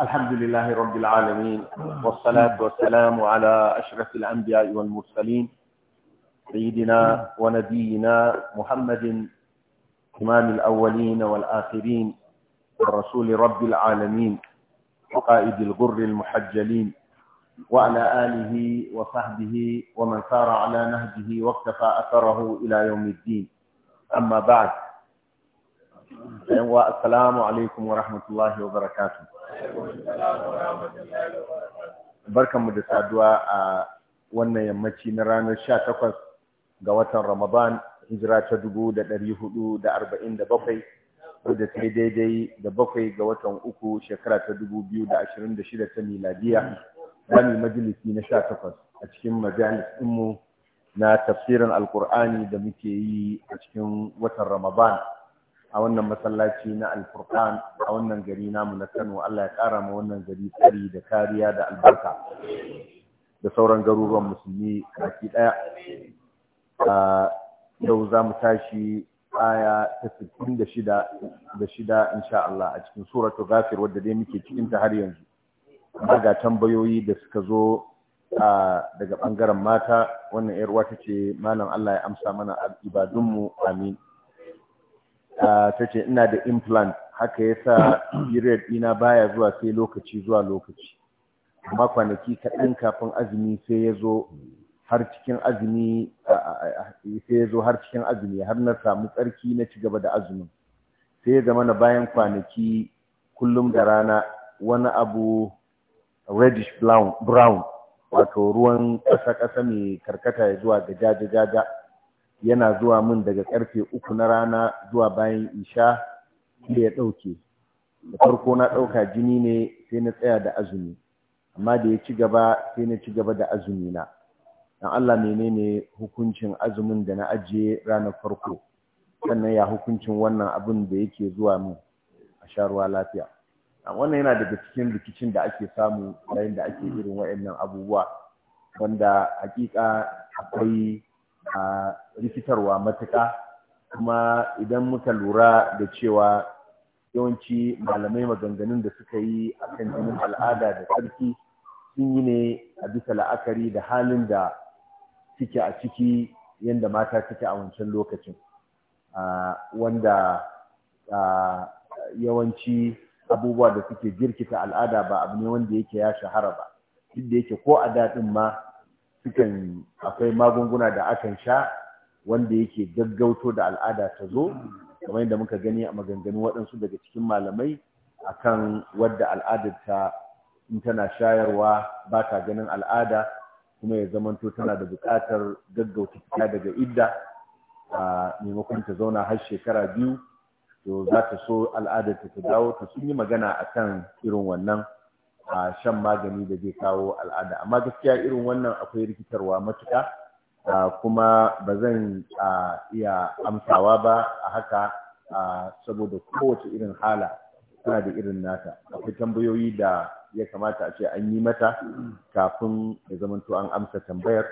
الحمد لله رب العالمين والصلاة والسلام على أشرف الأنبياء والمرسلين سيدنا ونبينا محمد إمام الأولين والآخرين والرسول رب العالمين وقائد الغر المحجلين وعلى آله وصحبه ومن سار على نهجه واقتفى أثره إلى يوم الدين أما بعد السلام عليكم ورحمة الله وبركاته barkanmu da saduwa a wannan yammaci na ranar 18 ga watan Ramadan hijira ta 447 wadda ta daidai da bakwai ga watan uku shekara ta 2026 ta miladiya zami majalisi na sha takwas a cikin majalis ɗinmu na tafsirin alkur'ani da muke yi a cikin watan ramadan a wannan masallaci na alkur'an a wannan gari namu na kano allah ya ƙara ma wannan gari tsari da kariya da albarka da sauran garuruwan musulmi baki ɗaya yau za mu tashi aya ta 66 da shida insha Allah a cikin suratu ghafir wadda dai muke cikin ta har yanzu Daga tambayoyi da suka zo daga ɓangaren mata wannan yarwa ta ce malam Allah ya amsa mana ibadunmu amin ta ce ina da implant haka ya sa period ɗina baya zuwa sai lokaci zuwa lokaci amma kwanaki kaɗan kafin azumi sai ya zo har cikin azumi sai ya zo har cikin azumi har na samu tsarki na ci gaba da azumin sai ya zama na bayan kwanaki kullum da rana wani abu reddish brown wato ruwan ƙasa-ƙasa mai karkata zuwa ga jaja yana zuwa min daga karfe uku na rana zuwa bayan isha da ya ɗauke da farko na ɗauka jini ne sai na tsaya da azumi amma da ya ci gaba sai na ci gaba da azumi na dan Allah menene hukuncin azumin da na ajiye ranar farko sannan ya hukuncin wannan abin da yake zuwa min a sha ruwa lafiya wannan yana daga cikin rikicin da ake samu yayin da ake irin wa'annan abubuwa wanda hakika akwai a rikitarwa matuƙa kuma idan muka lura da cewa yawanci malamai maganganun da suka yi a kan jinin al'ada da tsarki sun yi ne a bisa la'akari da halin da suke a ciki yadda mata suke a wancan lokacin wanda yawanci abubuwa da suke jirkita al'ada ba abu ne wanda yake ya shahara ba duk da yake ko a daɗin ma sukan akwai magunguna da akan sha wanda yake gaggauto da al'ada ta zo kamar yadda muka gani a maganganu waɗansu daga cikin malamai akan wadda al'adar ta in tana shayarwa ba ta ganin al'ada kuma ya zamanto tana da buƙatar gaggauta fita daga idda a maimakon ta zauna har shekara biyu to za ta so al'adar ta dawo ta sun yi magana a kan irin wannan a shan magani da zai kawo al'ada amma gaskiya irin wannan akwai rikitarwa matuƙa kuma ba zan iya amsawa ba a haka saboda kowace irin hala tana da irin nata akwai tambayoyi da ya kamata a ce an yi mata kafin ya zamanto an amsa tambayar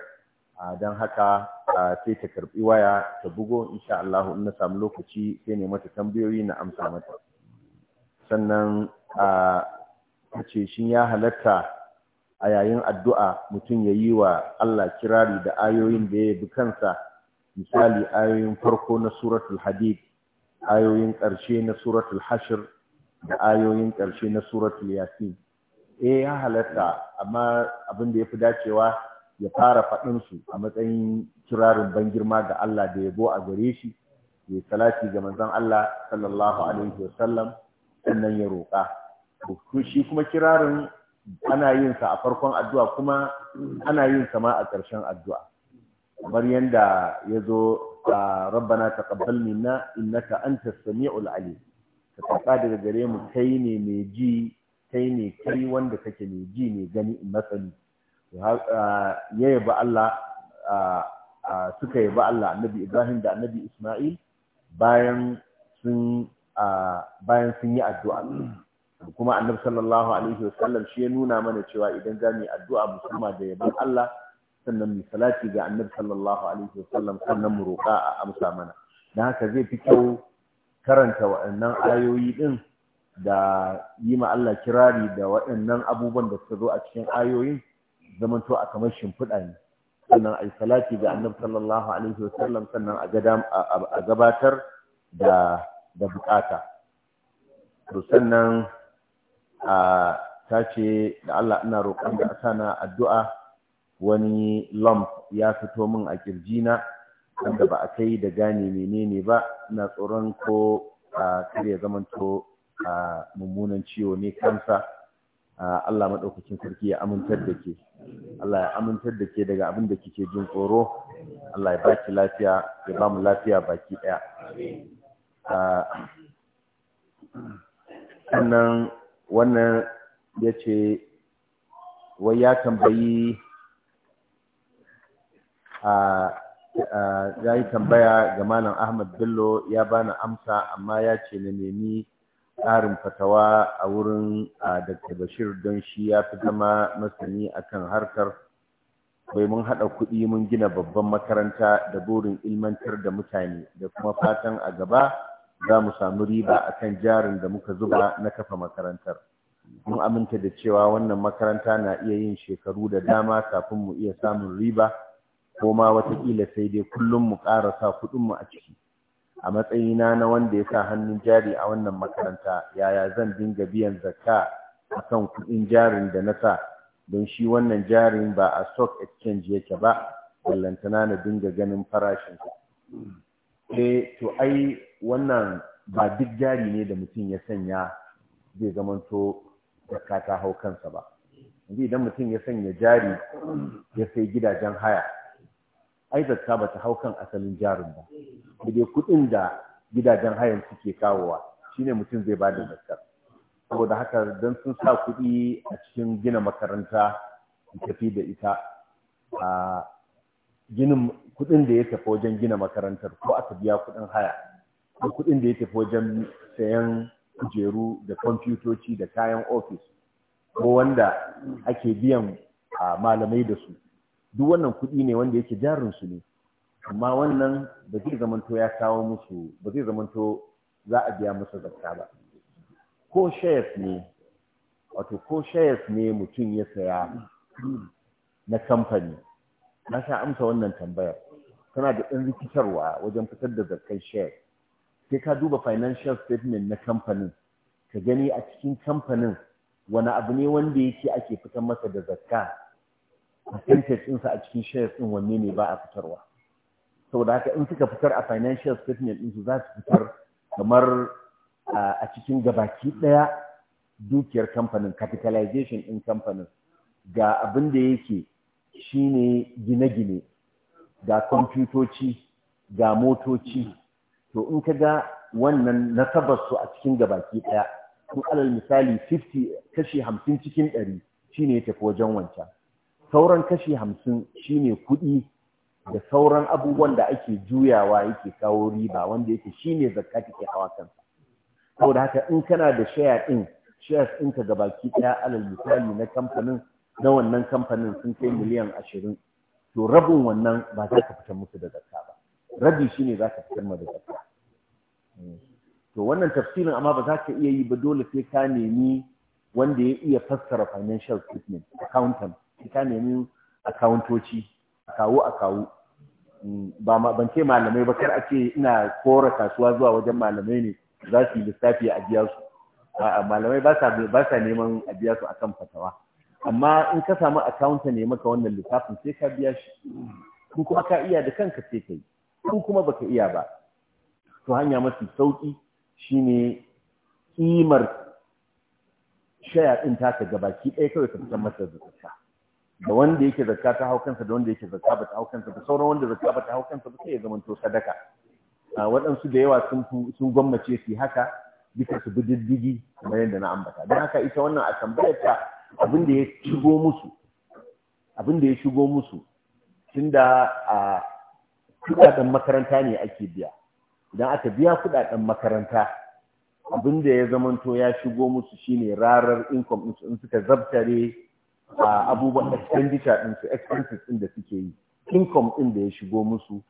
Ah, don haka ah, sai ta karbi waya ta bugo insha Allah in na samu lokaci sai ne mata tambayoyi na amsa mata sannan ah, a ce shin ya halatta a yayin addu'a mutum ya yi wa Allah kirari da ayoyin da ya bi kansa misali ayoyin farko na suratul hadid ayoyin ƙarshe na suratul hashir da ayoyin ƙarshe na suratul yasin eh ya halatta amma abin da ya fi dacewa ya fara faɗinsu a matsayin kirarin ban girma ga Allah da yabo a gare shi ya salati ga manzon Allah sallallahu alaihi wa sallam, sannan ya roƙa shi kuma kirarin ana yin sa a farkon addu'a kuma ana yin sa ma a ƙarshen addu'a kamar yanda ya zo rabbana taqabbal minna innaka antas sami'ul alim ka tsaka daga gare mu kai ne mai ji kai ne kai wanda kake mai ji ne gani in masani ya yaba Allah suka yaba Allah annabi Ibrahim da annabi Ismail bayan sun bayan sun yi addu'a kuma annabi sallallahu alaihi wasallam shi ya nuna mana cewa idan za mu addu'a musulma da yabon Allah sannan mu salati ga annabi sallallahu alaihi wasallam sannan mu roƙa a amsa mana dan haka zai fi kyau karanta waɗannan ayoyi din da yi ma Allah kirari da waɗannan abubuwan da suka zo a cikin ayoyin zamanto a kamar shimfiɗa ne sannan a yi salati ga annabi sallallahu alaihi wasallam sannan a gabatar da da bukata to sannan a ta da Allah ina roƙon da asana addu'a wani lump ya fito min a na, wanda ba a kai da gane menene ba ina tsoron ko a kare zamanto a mummunan ciwo ne kansa Ah, Allah maɗaukakin sarki ya amintar da ke Allah ya amintar da ke daga abin da kike jin tsoro Allah ya baki lafiya ya ba mu lafiya baki ɗaya ah, sannan wannan ya ce wai ya tambayi a ah, ya yi tambaya ga malam ahmad bello ya bani amsa amma ya ce na nemi tsarin fatawa a wurin Dr. Bashir don shi ya fi zama masani kan harkar bai mun haɗa kuɗi mun gina babban makaranta da burin ilmantar da mutane da kuma fatan a gaba za mu samu riba a kan jarin da muka zuba na kafa makarantar. Mun aminta da cewa wannan makaranta na iya yin shekaru da dama kafin mu iya samun riba ko ma watakila sai dai kullum mu ƙara sa kuɗinmu a ciki. a matsayina na wanda ya sa hannun jari a wannan makaranta yaya zan dinga biyan zakka a kan kuɗin jarin da na sa don shi wannan jarin ba a stock exchange yake ba ballantana na dinga ganin farashinsa E, to ai wannan ba duk jari ne da mutum ya sanya zai zamanto zakka ta hau kansa ba idan mutum ya sanya jari ya sai gidajen haya aizar ta bata hau kan asalin jarin ba da kuɗin da gidajen hayan suke kawowa shine mutum zai ba da zakkar saboda haka don sun sa kuɗi a cikin gina makaranta tafi da ita a ginin kuɗin da ya tafi wajen gina makarantar ko aka biya kuɗin haya ko kuɗin da ya tafi wajen sayan kujeru da kwamfutoci da kayan ofis ko wanda ake biyan malamai da su duk wannan kuɗi ne wanda yake jarin ne amma wannan ba zai zamanto ya kawo musu ba zai zamanto za a biya musu zakka ba ko shares ne wato ko shares ne mutum ya saya na kamfani na sha amsa wannan tambayar tana da ɗan rikitarwa wajen fitar da zakkan shares sai ka duba financial statement na kamfanin ka gani a cikin kamfanin wani abu ne wanda yake ake fitar masa da zakka percentage ɗinsa a cikin shares ɗin wanne ne ba a fitarwa saboda haka in suka fitar a financial statement ɗinsu za su fitar kamar a cikin gabaki ɗaya dukiyar kamfanin capitalization ɗin kamfanin ga abin da yake shine gine-gine ga kwamfutoci ga motoci to in ka ga wannan nasabarsu a cikin gabaki ɗaya kun alal misali 50 kashi 50 cikin ɗari shi ne ya tafi wajen wancan sauran kashi hamsin shine kuɗi da sauran abubuwan da ake juyawa yake kawo riba wanda yake shine zakka take hawa kansa saboda haka in kana da shaya din shares ɗinka ga baki ɗaya alal misali na kamfanin na wannan kamfanin sun kai miliyan ashirin to rabin wannan ba za ka fitar musu da zakka ba rabi shine za ka fitar ma da zakka hmm. to wannan tafsirin amma ba za ka iya yi ba dole sai ka nemi wanda ya iya fassara financial statement accountant ka nemi akawuntoci a kawo a kawo mm, ban ce malamai ba kar a ce ina kora kasuwa zuwa wajen malamai ne za su yi lissafi a biya su malamai ba sa neman a biya su akan fatawa amma in ka samu akawunta ne maka wannan lissafin sai ka biya shi Ko kuma ka iya da kanka sai ka yi in kuma baka iya ba to hanya mafi sauki shine kimar shaya ɗin taka gabaki ɗaya kawai ka fitar masa da da wanda yake zakka ta hau kansa da wanda yake zakka ba ta hau kansa da sauran wanda zakka ba ta hau kansa ba sai ya zamanto sadaka ah, waɗansu da yawa sun gwammace su haka bisa su bi diddigi kamar yadda na ambata don haka ita wannan a tambayar ta abin da ya shigo musu abin da ya shigo musu tunda a kudaden makaranta ne ake biya idan aka biya kudaden makaranta abin da ya zamanto ya shigo musu shine rarar income in suka zabtare abubuwan expenditure ɗin su expenses ɗin da suke yi income ɗin da ya shigo musu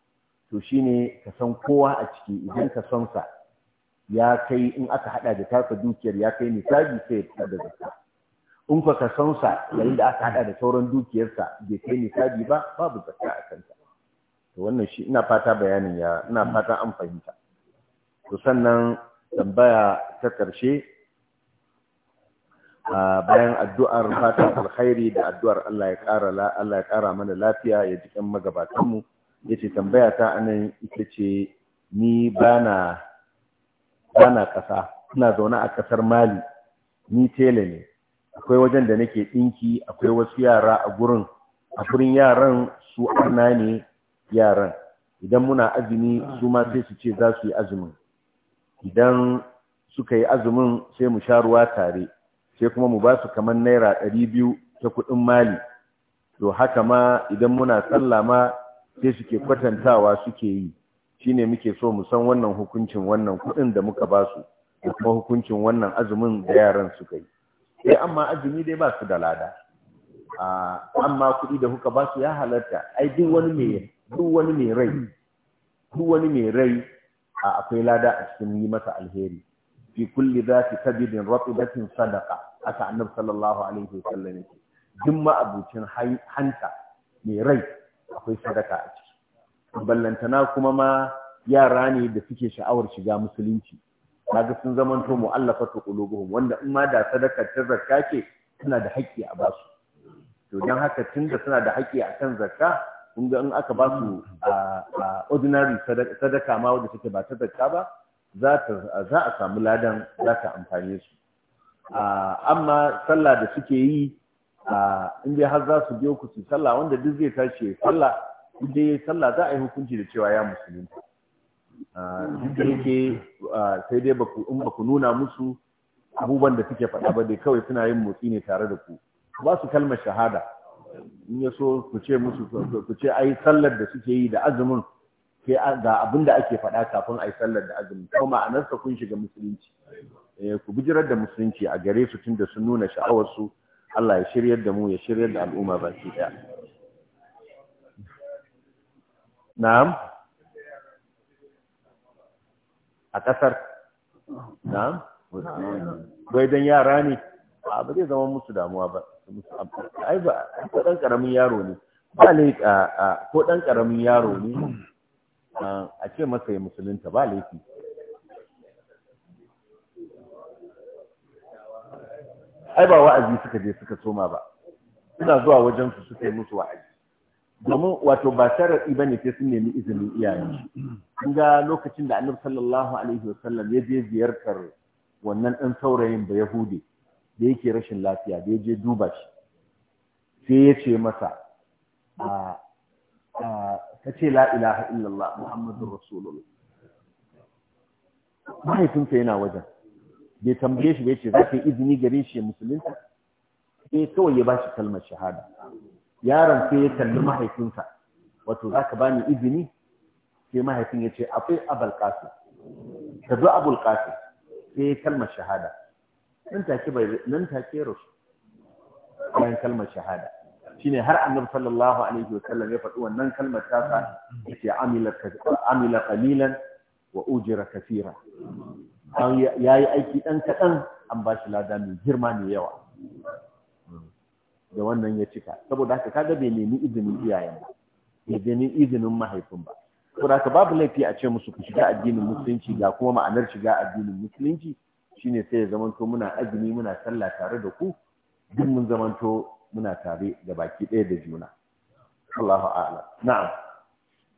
to shine ka san kowa a ciki idan ka san sa ya kai in aka hada da tasa dukiyar ya kai misali sai ya fitar da zakka in ka ka san sa yayin da aka hada da sauran dukiyarsa bai kai misali ba babu zakka a kanta to wannan shi ina fata bayanin ya ina fata an fahimta to sannan tambaya ta karshe bayan addu'ar fatan alkhairi da addu'ar Allah ya ƙara Allah ya ƙara mana lafiya ya ji kan magabatan mu yace tambaya ta anan ita ce ni bana bana ƙasa ina zaune a ƙasar Mali ni tele ne akwai wajen da nake dinki akwai wasu yara a gurin a gurin yaran su ana ne yaran idan muna azumi su ma sai su ce za su yi azumin idan suka yi azumin sai mu sha ruwa tare sai kuma mu ba su kamar naira ɗari biyu ta kuɗin mali to haka ma idan muna sallah ma sai suke kwatantawa suke yi shine muke so mu san wannan hukuncin wannan kuɗin da muka ba su da kuma hukuncin wannan azumin da yaran suka yi sai eh, amma azumi dai ba su da lada ah, amma kuɗi da kuka ba su ya halarta ai duk wani mai rai duk akwai lada a cikin yi masa alheri fi kulli zati kabidin ratubatin sadaqa aka annabi sallallahu alaihi wasallam yake duk ma'abucin hanta mai rai akwai sadaka a ciki ballantana kuma ma yara ne da suke sha'awar shiga musulunci kaga sun zaman to mu'allafatu qulubuhum wanda in ma da sadaka ta zakka ce suna da haƙƙi a basu to dan haka tunda suna da haƙƙi akan zakka kun ga in aka a ordinary sadaka ma wanda take ba ta zakka ba za a samu ladan za ta amfani su amma sallah da suke yi in dai har za su biyo ku su sallah wanda duk zai tashi ya sallah in dai sallah za a yi hukunci da cewa ya musulunci. duk da yake sai dai in ba ku nuna musu abubuwan da suke faɗa ba dai kawai suna yin motsi ne tare da ku ba su kalmar shahada in ya so ku ce musu ku ce ai sallar da suke yi da azumin sai ga abin da ake faɗa kafin a yi sallar da azumi ko ma'anarsa kun shiga musulunci eh, ku bijirar da musulunci a gare su tunda sun nuna sha'awarsu Allah ya shiryar da mu ya shiryar da al'umma ba su ɗaya na'am a ƙasar na'am bai dan yara ne ba zai zama musu damuwa ba ai ba ko dan karamin yaro ne ba ne ko dan karamin yaro ne a ce masa ya musulunta ba laifi ai ba wa'azi suka je suka soma ba suna zuwa wajen su suka yi musu wa'azi domin wato ba sharaɗi ba ne sai sun nemi izinin iyaye kun ga lokacin da annabi sallallahu alaihi wasallam ya je ziyartar wannan ɗan saurayin Bayahude, yahudi da yake rashin lafiya da ya je duba shi sai ya ce masa ta ce la ilaha illallah muhammadur rasulullah mahaifinsa yana wajen bai tambaye shi bai ce za ka yi izini gare shi musulunta sai eh, kawai ya ba shi kalmar shahada yaron sai ya kalli mahaifinsa wato za ka bani izini sai mahaifin ya ce akwai abul qasim ka zo abul qasim sai ya kalmar shahada nan take bai nan take rasu bayan kalmar shahada shine har annabi sallallahu alaihi wasallam ya faɗi wannan kalmar ta sa yace amila amila qalilan wa ujira kathira yayi aiki dan kadan an ba shi lada mai girma ne yawa da wannan ya cika saboda haka kaga bai nemi izinin iyayen ba bai nemi izinin mahaifin ba saboda haka babu laifi a ce musu ku shiga addinin musulunci ga kuma ma'anar shiga addinin musulunci shine sai ya zamanto muna azumi muna sallah tare da ku duk mun zamanto muna tare da baki ɗaya da juna Allahu a'lam na'am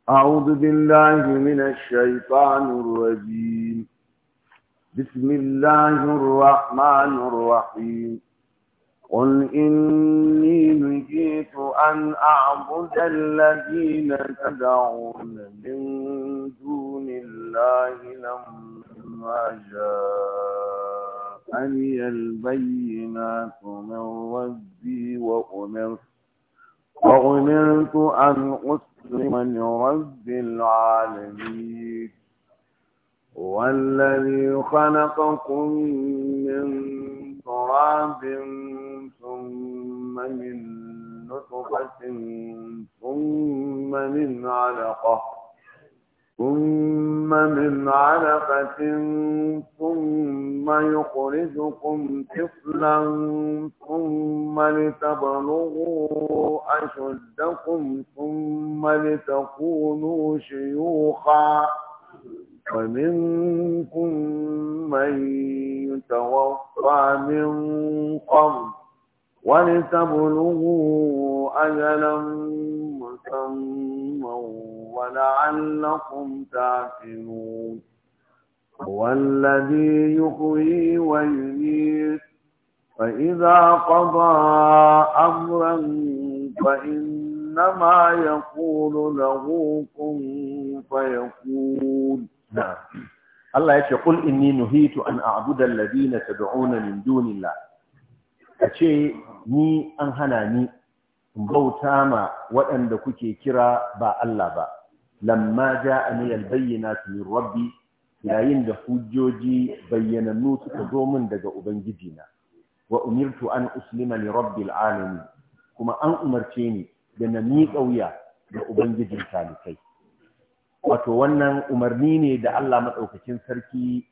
أعوذ بالله من الشيطان الرجيم بسم الله الرحمن الرحيم قل إني نجيت أن أعبد الذين تدعون من دون الله لما جاء جاءني البينات من ربي وأمرت وأمرت أن أسلم لرب العالمين والذي خلقكم من تراب ثم من نطفة ثم من علقة ثم من علقة ثم يخرجكم طفلا ثم لتبلغوا أشدكم ثم لتكونوا شيوخا ومنكم من يتوفى من قبل ولتبلغوا أجلا مسمى ولعلكم تعقلون هو الذي يحيي ويميت فإذا قضى أمرا فإنما يقول له كن فيكون نعم الله يقول إني نهيت أن أعبد الذين تدعون من دون الله ka ce ni an hana ni in bauta ma waɗanda kuke kira ba Allah ba lamma bayyana su min rabbi yayin da hujjoji bayyanannu suka zo min daga na wa umirtu an uslima li rabbil kuma an umarce ni da na miƙa wuya ga ubangijin talikai wato wannan umarni ne da Allah maɗaukakin sarki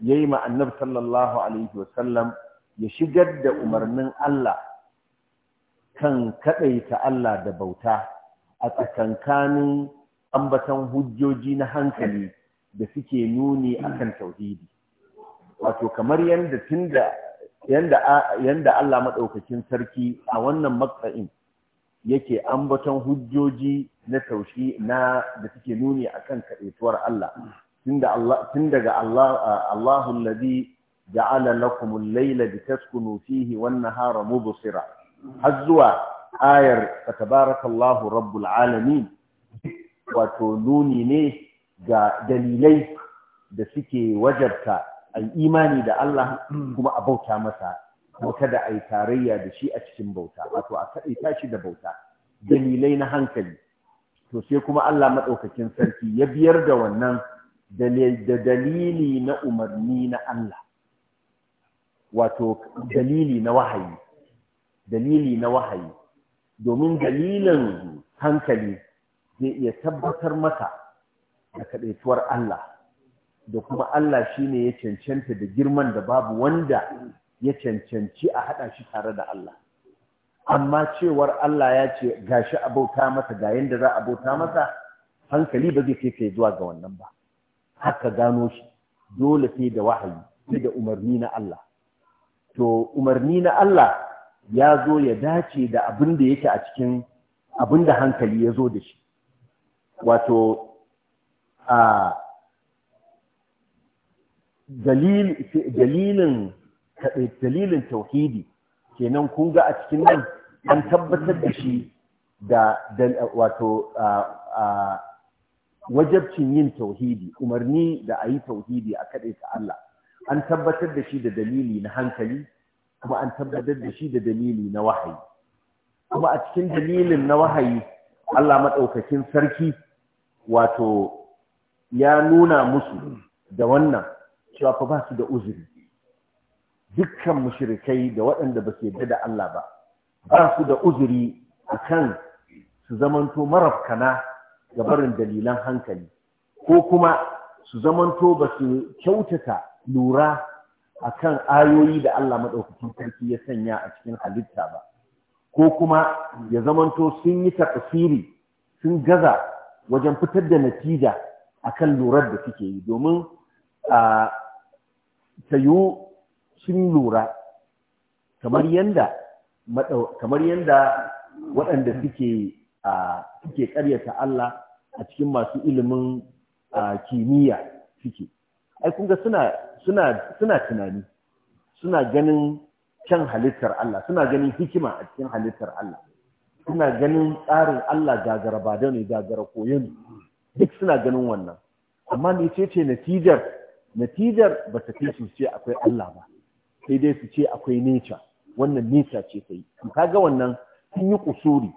ya yi ma'annar sallallahu Alaihi wasallam ya shigar da umarnin Allah kan kaɗaita Allah da bauta a tsakankanin ambatan hujjoji na hankali da suke nuni akan tauhidi wato kamar yadda tunda yanda yanda Allah maɗaukakin sarki a wannan matsayin yake ambaton hujjoji na taushi na da suke nuni akan kaɗaituwar Allah tun daga Allah Allahu ja'ala lakum al-layla litaskunu fihi wan-nahara mubsira har zuwa ayar tabarakallahu rabbul alamin wato nuni ne ga dalilai da suke wajarta ayi imani da Allah kuma a bauta masa ko da ai tarayya da shi a cikin bauta wato a kai tashi da bauta dalilai na hankali to kuma Allah madaukakin sarki ya biyar da wannan da dalili na umarni na Allah wato dalili na wahayi dalili na wahayi domin dalilin hankali zai iya tabbatar maka da kaɗaituwar Allah da kuma Allah shine ya cancanta da girman da babu wanda ya cancanci a haɗa shi tare da Allah amma cewar Allah ya ce gashi abauta masa ga yanda za a bauta masa hankali ba zai kai kai zuwa ga wannan ba haka gano shi dole sai da wahayi sai da umarni na Allah to umarni na Allah ya zo ya dace da abin da yake a cikin abin da hankali ya zo da shi wato a dalilin dalilin tauhidi kenan kun ga a cikin nan an tabbatar da shi da wato wajabcin yin tauhidi umarni da a yi tauhidi a kaɗai Allah an tabbatar da shi da dalili na hankali kuma an tabbatar da shi da dalili na wahayi kuma a cikin dalilin na wahayi Allah maɗaukakin sarki wato ya nuna musu da wannan cewa fa ba su da uzuri dukkan mushrikai da waɗanda ba su yarda da Allah ba ba su da uzuri akan su zamanto marafkana ga barin dalilan hankali ko kuma su zamanto ba su kyautata lura a kan ayoyi da Allah maɗaukacin sarki ya sanya a cikin halitta ba ko kuma ya zamanto sun yi tafsiri sun gaza wajen fitar da natija kan lurar da suke yi domin a tayu sun lura kamar yanda kamar yanda waɗanda suke a suke ƙaryata Allah a cikin masu ilimin kimiyya suke ai kun ga suna suna suna tunani suna ganin kyan halittar Allah suna ganin hikima a cikin halittar Allah suna ganin tsarin Allah gagara ba da ne gagara koyon duk suna ganin wannan amma ne ce ce natijar natijar ba ta kai su ce akwai Allah ba sai dai su ce akwai nature wannan nature ce sai ga wannan sun yi kusuri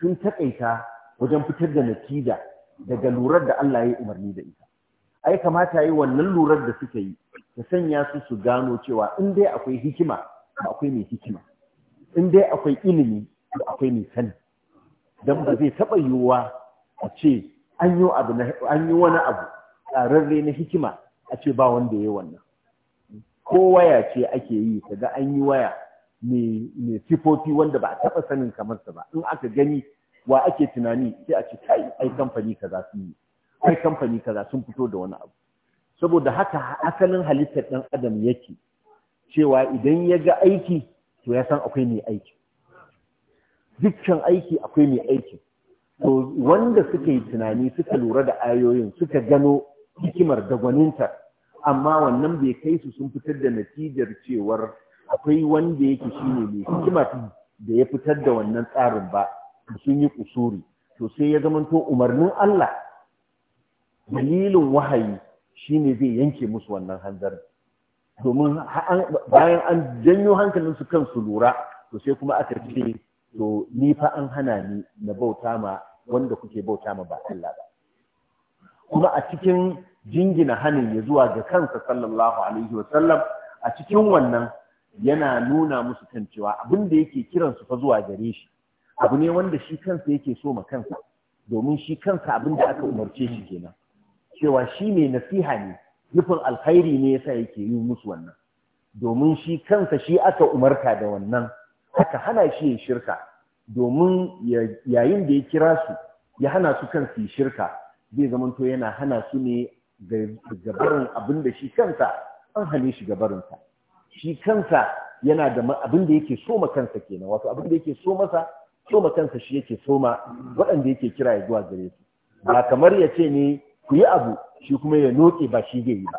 sun taƙaita wajen fitar da natija daga lurar da Allah ya umarni da ita ai kamata yi wannan lurar da suka yi ta sanya su su gano cewa in dai akwai hikima to akwai mai hikima in dai akwai ilimi to akwai mai sani Don ba zai taba yiwuwa a ce an yi wani abu tsararre na hikima a ce ba wanda ya yi wannan ko waya ce ake yi kaga an yi waya mai sifofi wanda ba a taɓa sanin kamar sa ba in aka gani wa ake tunani sai a ce kai ai kamfani ka za su yi ai kamfani kaza sun fito da wani abu saboda haka asalin halittar ɗan adam yake cewa idan ya ga aiki to ya san akwai mai aiki dukkan aiki akwai mai aiki to wanda suka yi tunani suka lura da ayoyin suka gano hikimar da gwaninta amma wannan bai kai su sun fitar da natijar cewar akwai wanda yake shine mai hikima da ya fitar da wannan tsarin ba sun yi kusuri to sai ya zamanto umarnin Allah dalilin wahayi shine zai yanke musu wannan hanzar domin bayan an janyo hankalinsu su lura to sai kuma aka ce to ni fa an hana ni na bauta ma wanda kuke bauta ma ba Allah ba kuma a cikin jingina hanin ya zuwa ga kansa sallallahu alaihi wa a cikin wannan yana nuna musu kan cewa abin da yake kiran su fa zuwa gare shi abu ne wanda shi kansa yake so ma kansa domin shi kansa abin da aka umarce shi kenan cewa shi ne nasiha ne nufin alkhairi ne yasa yake yi musu wannan domin shi kansa shi aka umarta da wannan aka hana shi ya shirka domin yayin da ya kira su ya hana su kan yi shirka zai zamanto yana hana su ne ga barin abin da shi kansa an hane shi ga sa, shi kansa yana da abin da yake soma kansa kenan wato abin da yake so masa soma kansa shi yake soma waɗanda yake kira ya zuwa gare su ba kamar ya ce ne ku yi abu shi kuma ya noke ba shi zai yi ba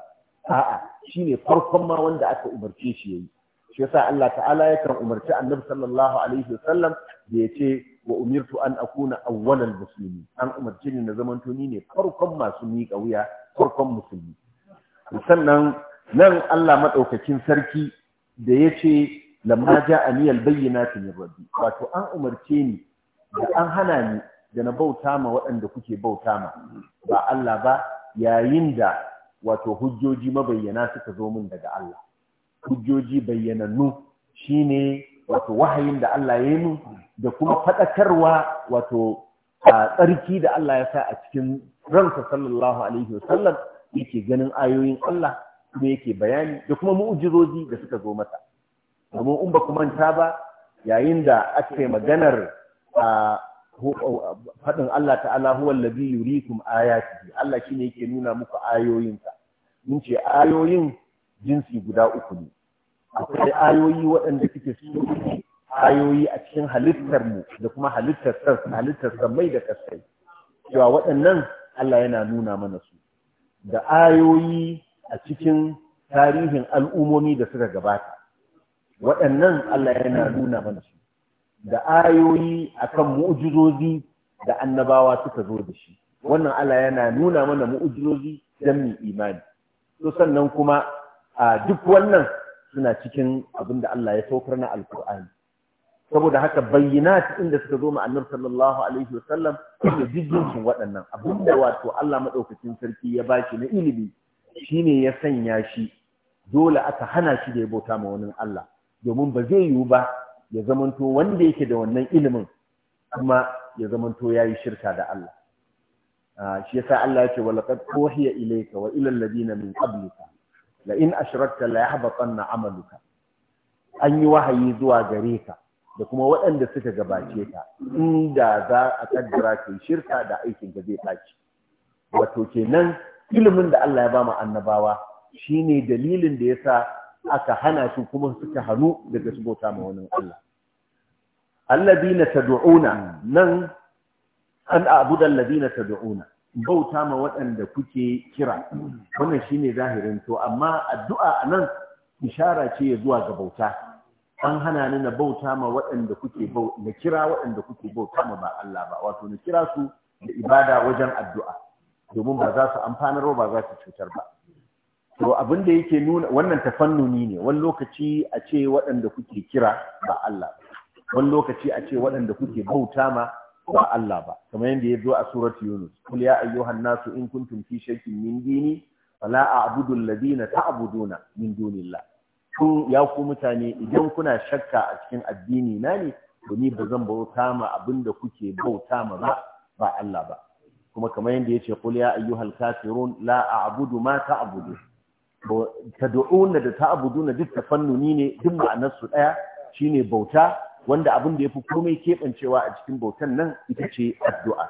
a'a shine farkon ma wanda aka umarce shi yayi shi yasa Allah ta'ala yakan umarci Annabi sallallahu alaihi wasallam da yace wa umirtu an akuna awwalal muslimin an umarci ni na zamanto ni ne farkon masu miƙa wuya farkon musulmi sannan nan Allah madaukakin sarki da yace lamma ja'a niyal bayyinatu min rabbi wato an umarce ni da an hana ni da na bauta ma waɗanda kuke bauta ma ba Allah ba yayin da wato hujjoji mabayyana suka zo min daga Allah hujjoji bayyanannu shine wato wahayin da Allah ya yi da kuma faɗakarwa wato a tsarki da Allah ya sa a cikin ransa sallallahu alaihi wasallam yake ganin ayoyin Allah kuma yake bayani da kuma mu'jizozi da suka zo masa domin in ba ku manta ba yayin da aka yi maganar a faɗin Allah ta'ala huwa allazi yurikum ayatihi Allah shine yake nuna muku ayoyinsa mun ce ayoyin jinsi guda uku ne akwai ayoyi waɗanda suke so ayoyi a cikin halittar mu da kuma halittar sas halittar samai da kasai cewa waɗannan Allah yana nuna mana su da ayoyi a cikin tarihin al'umomi da suka gabata waɗannan Allah yana nuna mana su da ayoyi akan mu'ujizozi da annabawa suka zo da shi wannan Allah yana nuna mana mu'ujizozi don mu imani to sannan kuma a duk wannan suna cikin abin da Allah ya saukar na alkur'ani saboda haka bayyinat inda suka zo ma annabi sallallahu alaihi wasallam da jijjincin waɗannan Abin da wato Allah maɗaukacin sarki ya ba shi na ilimi shine ya sanya shi dole aka hana shi da ya bauta ma wani Allah domin ba zai yiwu ba ya zamanto wanda yake da wannan ilimin kuma ya zamanto ya yi shirka da Allah ah, shi yasa Allah ya ce wa laqad uhiya ilayka wa ila alladhina min qablika la in ashrakta la yahbatanna amaluka an yi wahayi zuwa gare ka da kuma waɗanda suka gabace ka inda za a kaddara ka shirka da aikin ka zai ɓaci wato kenan ilimin da Allah ya ba mu annabawa shine dalilin da yasa aka hana su kuma suka hannu daga su bauta ma wani Allah alladina du'una nan an a'budu alladina du'una, bauta ma waɗanda kuke kira wannan shine zahirin to amma addu'a a nan ishara ce zuwa ga bauta an hana ni na bauta ma waɗanda kuke bauta na kira waɗanda kuke bauta ma ba Allah ba wato na kira su da ibada wajen addu'a domin ba za su amfanarwa ba za su cutar ba to abin da yake nuna wannan tafannuni ne wani lokaci a ce waɗanda kuke kira ba Allah ba wani lokaci a ce waɗanda kuke bauta ma ba Allah ba kamar yadda ya zo a surat Yunus kul ya ayyuhan nasu in kuntum fi shakkin min dini fala a'budu alladhina ta'buduna min dunillah kun ya ku mutane idan kuna shakka a cikin addini na ne to ni ba zan bauta ma abinda kuke bauta ma ba ba Allah ba kuma kamar yadda yace kul ya ayyuhal kafirun la a'budu ma ta'budun tad'una da ta'buduna duk fannuni ne duk ma'anar su daya shine bauta wanda abin da ya fi komai kebancewa a cikin bautan nan ita ce addu'a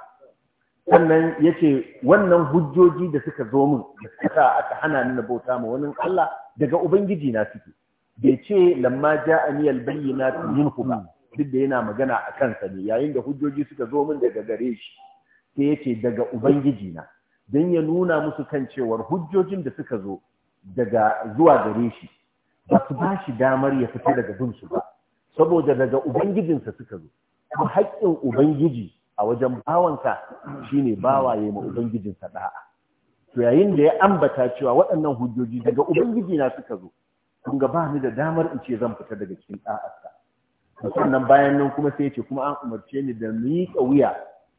sannan yace wannan hujjoji da suka zo min da suka aka hana ni na bauta ma wani Allah daga ubangiji na suke bai ce lamma ja'ani al-bayyinatu minhu ba duk da yana magana a kansa ne yayin da hujjoji suka zo min daga gare shi sai yace daga ubangiji na dan ya nuna musu kan cewar hujjojin da suka zo daga zuwa gare shi ba su ba shi damar ya fita daga bin su ba saboda daga ubangijinsa suka zo kuma haƙƙin ubangiji a wajen bawansa shine bawa ya ma ubangijinsa da'a to yayin da ya ambata cewa waɗannan hujjoji daga ubangiji na suka zo kun ga ba ni da damar in ce zan fita daga cikin da'arsa sannan bayan nan kuma sai ce kuma an umarce ni da miƙa wuya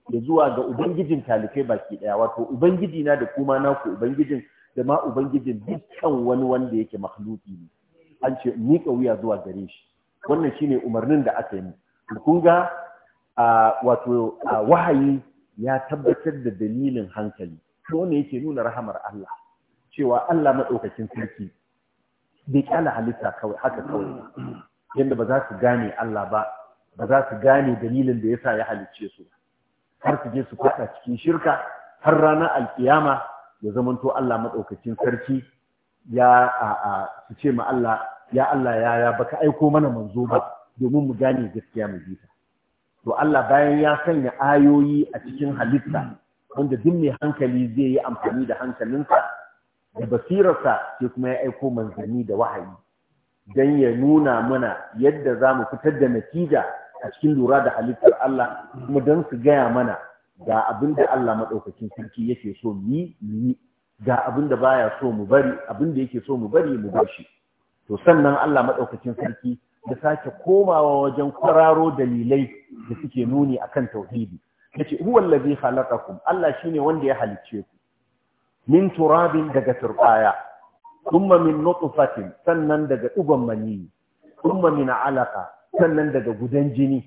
ya zuwa ga ubangijin talikai baki ɗaya wato ubangiji na da kuma naku ubangijin da ma ubangijin dukkan wani wanda yake makhluki ne an ce miƙa wuya zuwa gare shi wannan shine umarnin da aka yi kun ga wato wahayi ya tabbatar da dalilin hankali to ne yake nuna rahamar Allah cewa Allah madaukakin sarki bai kyala halitta kawai haka kawai yadda ba za su gane Allah ba ba za su gane dalilin da yasa ya halicce su har su je su fada cikin shirka har ranar alkiyama ya zamanto Allah maɗaukacin sarki ya a su ce ma Allah ya Allah ya ya baka aiko mana manzo ba domin mu gane gaskiya mu bi ta to Allah bayan ya sanya ayoyi a cikin halitta wanda duk mai hankali zai yi amfani da hankalinsa da basirarsa sai kuma ya aiko manzanni da wahayi dan ya nuna mana yadda za mu fitar da natija a cikin lura da halittar Allah kuma dan su gaya mana ga abin da Allah maɗaukakin sarki yake so mu yi mu yi ga abin da baya so mu bari abin da yake so mu bari mu bar shi to sannan Allah maɗaukakin sarki ya sake komawa wajen kwararo dalilai da suke nuni akan tauhidi yace huwa allazi khalaqakum Allah shine wanda ya halicce ku min turabin daga turbaya kuma min nutfatin sannan daga uban mani kuma min alaqa sannan daga gudan jini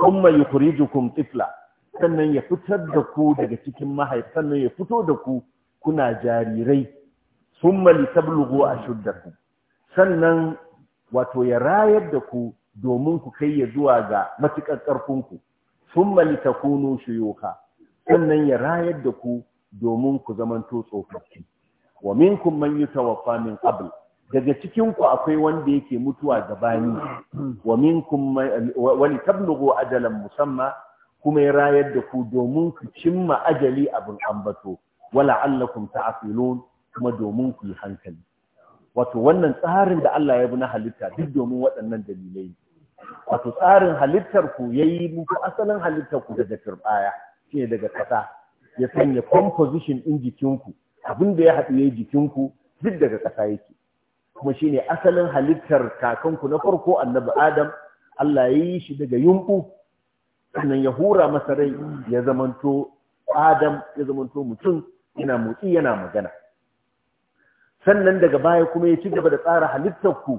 kuma yukhrijukum tifla sannan ya fitar da ku daga cikin mahaifa sannan ya fito da ku kuna jarirai Sun mali a litablughu ku sannan wato ya rayar da ku domin ku kai ya zuwa ga matukar karfin ku ta litakunu shuyuka sannan ya rayar da ku domin ku zamanto tsofaffi wa minkum man yutawaffa min qabl daga cikin ku akwai wanda yake mutuwa gabani wa minkum wa litablughu ajalan musamma kuma ya rayar da ku domin ku cimma ajali abin ambato wala allakum ta'qilun kuma domin ku yi hankali wato wannan tsarin da Allah ya bi na halitta duk domin waɗannan dalilai wato tsarin halittar ku yayi muku asalin halittar ku daga turbaya shine daga kasa ya sanya composition din jikinku abin da ya haɗu yayi jikinku duk daga kasa yake kuma shine asalin halittar kakanku na farko annabi Adam Allah ya yi shi daga yumbu sannan ya hura masa rai ya zamanto adam ya zamanto mutum yana motsi yana magana sannan daga baya kuma ya ci gaba da tsara halittar ku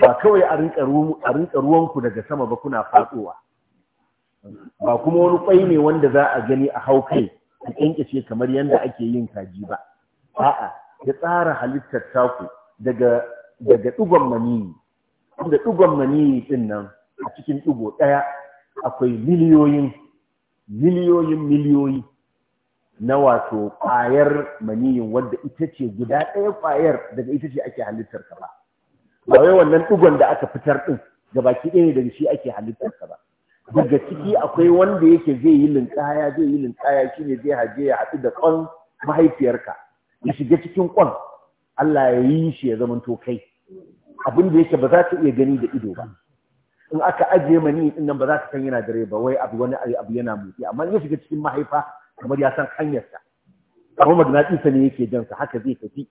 ba kawai a rinka ruwan ku daga sama ba kuna fatsowa ba kuma wani kwai ne wanda za a gani a hau kai a kyankace kamar yadda ake yin kaji ba a'a ya tsara halittar taku daga daga dugon maniyi da dugon maniyi din nan a cikin ɗigo ɗaya. akwai miliyoyin miliyoyin miliyoyi na wato kwayar maniyin wadda ita ce guda ɗaya kwayar daga ita ce ake halittar ka ba ba wannan ɗigon da aka fitar ɗin ga baki ɗaya daga shi ake halittar ba daga ciki akwai wanda yake zai yi linkaya zai yi linkaya shine zai haje ya haɗu da ƙwan mahaifiyarka ya shiga cikin ƙwan Allah ya yi shi ya zamanto kai abin da yake ba za ta iya gani da ido ba in aka ajiye mani din nan ba za ka san yana dare ba wai abu wani abu yana motsi amma in shiga cikin mahaifa kamar ya san hanyar sa kamar magnatisa ne yake jan sa haka zai tafi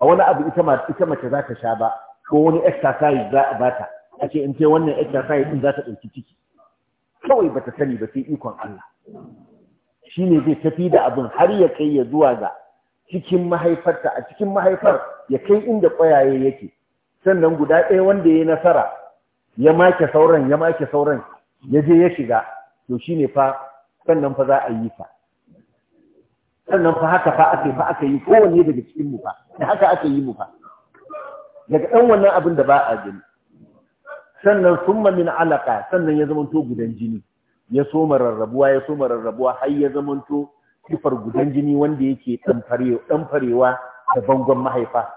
A wani abu ita ma ita mace za ta sha ba ko wani exercise za a bata a ce in ce wannan exercise din za ta dauki ciki kawai ba ta sani ba sai ikon Allah shi ne zai tafi da abin har ya kai ya zuwa ga cikin mahaifarta a cikin mahaifar ya kai inda ƙwayaye yake sannan guda ɗaya wanda ya yi nasara ya make sauran ya make sauran ya je ya shiga to shine fa sannan fa za a yi fa sannan fa haka fa ake fa aka yi kowanne daga cikin mu fa da haka aka yi mu fa daga ɗan wannan abin da ba a gani sannan summa min alaka sannan ya zamanto gudan jini ya soma rarrabuwa ya soma rarrabuwa har ya zamanto sifar gudan jini wanda yake ɗan farewa da bangon mahaifa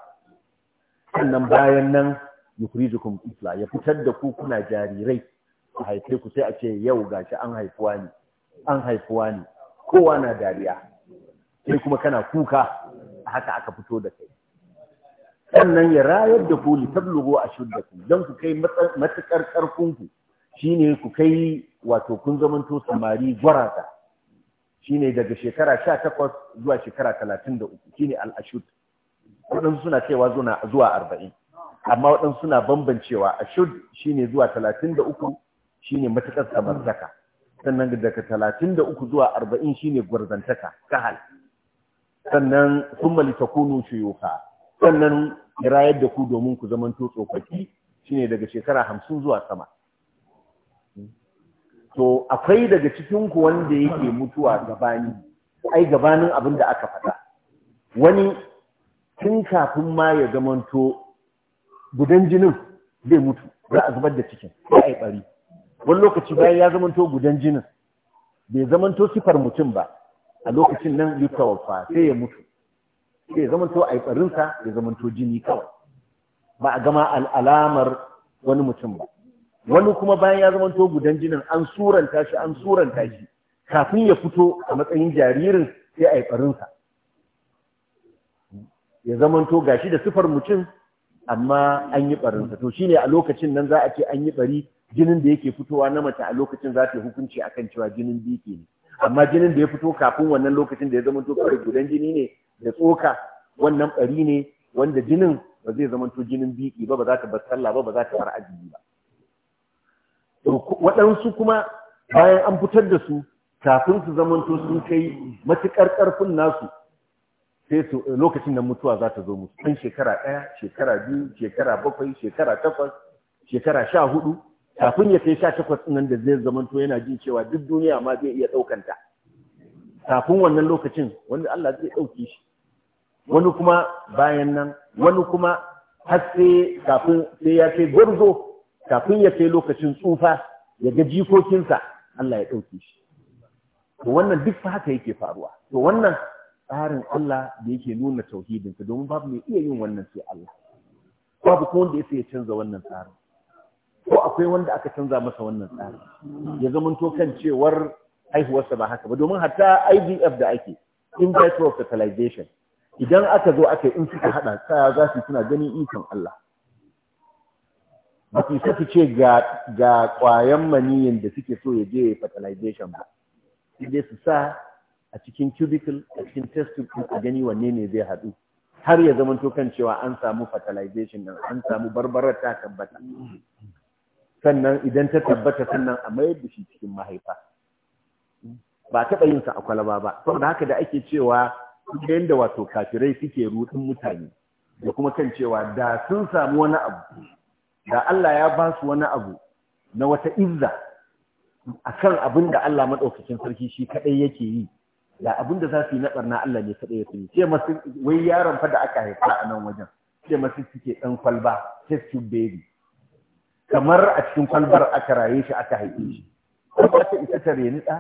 sannan bayan nan yukurijukum ifla ya fitar da ku kuna jarirai a haife ku sai a ce yau gashi an haifuwa ne an haifuwa ne kowa na dariya sai kuma kana kuka haka aka fito da kai sannan ya rayar da ku litablugo ashuddakum dan ku kai matakar karfin ku shine ku kai wato kun zamanto samari gwarata shine daga shekara 18 zuwa shekara 33 shine al-ashud wadansu suna cewa zuwa 40 amma waɗansu suna bambancewa a shud ne zuwa talatin da uku shi ne matuƙar samartaka sannan daga talatin da uku zuwa arba'in shi ne gwarzantaka kahal sannan sun malita kunu shuyuka sannan kirayar da ku domin ku zamanto tsofaffi ne daga shekara hamsin zuwa sama to akwai daga cikinku wanda yake mutuwa gabani ai gabanin abin da aka faɗa wani tun kafin ma ya zamanto gudan jinin zai mutu za a zubar da cikin za a yi bari wani lokaci bayan ya zamanto gudan jinin bai zamanto sifar mutum ba a lokacin nan yutawafa sai ya mutu sai ya zamanto a yi barinsa ya zamanto jini kawai ba a gama al'alamar wani mutum ba wani kuma bayan ya zamanto gudan jinin an suranta shi an suranta shi kafin ya fito a matsayin jaririn sai a yi barinsa ya zamanto gashi da sifar mutum amma an yi ɓarinsa, to shi ne a lokacin nan za a ce an yi ɓari jinin da yake fitowa na mace a lokacin za ta hukunci a kan cewa jinin biki ne amma jinin da ya fito kafin wannan lokacin da ya zama to kawai gudan jini ne da tsoka wannan ɓari ne wanda jinin ba zai zama to jinin biki ba ba za ta bar sallah ba ba za ta bar azumi ba waɗansu kuma bayan an fitar da su kafin su zama to sun kai matuƙar ƙarfin nasu sai su lokacin da mutuwa za ta zo musu ɗan shekara ɗaya shekara biyu shekara bakwai shekara takwas shekara sha hudu kafin ya kai sha takwas nan da zai to yana jin cewa duk duniya ma zai iya ɗaukanta kafin wannan lokacin wanda Allah zai ɗauke shi wani kuma bayan nan wani kuma har sai kafin sai ya kai gwarzo kafin ya kai lokacin tsufa ya ga jikokinsa Allah ya ɗauke shi to wannan duk fa haka yake faruwa to wannan tsarin Allah da yake nuna tauhidinsa domin babu mai iya yin wannan sai Allah babu ko wanda ya canza wannan tsarin ko akwai wanda aka canza masa wannan tsarin ya zamanto kan cewar haihuwarsa ba haka ba domin hatta IVF da ake in vitro fertilization idan aka zo aka in suka haɗa tsaya za su suna ganin ikon Allah ba ce ga ga kwayan maniyin da suke so ya je fertilization ba sai dai su sa a cikin cubicle a cikin test tube a gani wanne ne zai haɗu har ya zama to kan cewa an samu fertilization din an samu barbarar ta tabbata sannan idan ta tabbata sannan a mayar da shi cikin mahaifa ba taɓa yin sa a kwalaba ba saboda haka da ake cewa yadda wato kafirai suke rudin mutane da kuma kan cewa da sun samu wani abu da Allah ya ba su wani abu na wata izza akan abin da Allah madaukakin sarki shi kaɗai yake yi ga abin da za su yi na barna Allah ne kaɗai ya sani ce masu wai yaron fa da aka haifa a nan wajen ce masu suke ɗan kwalba test tube baby kamar a cikin kwalbar aka raye shi aka haife shi ko ba ta ita ta reni ɗa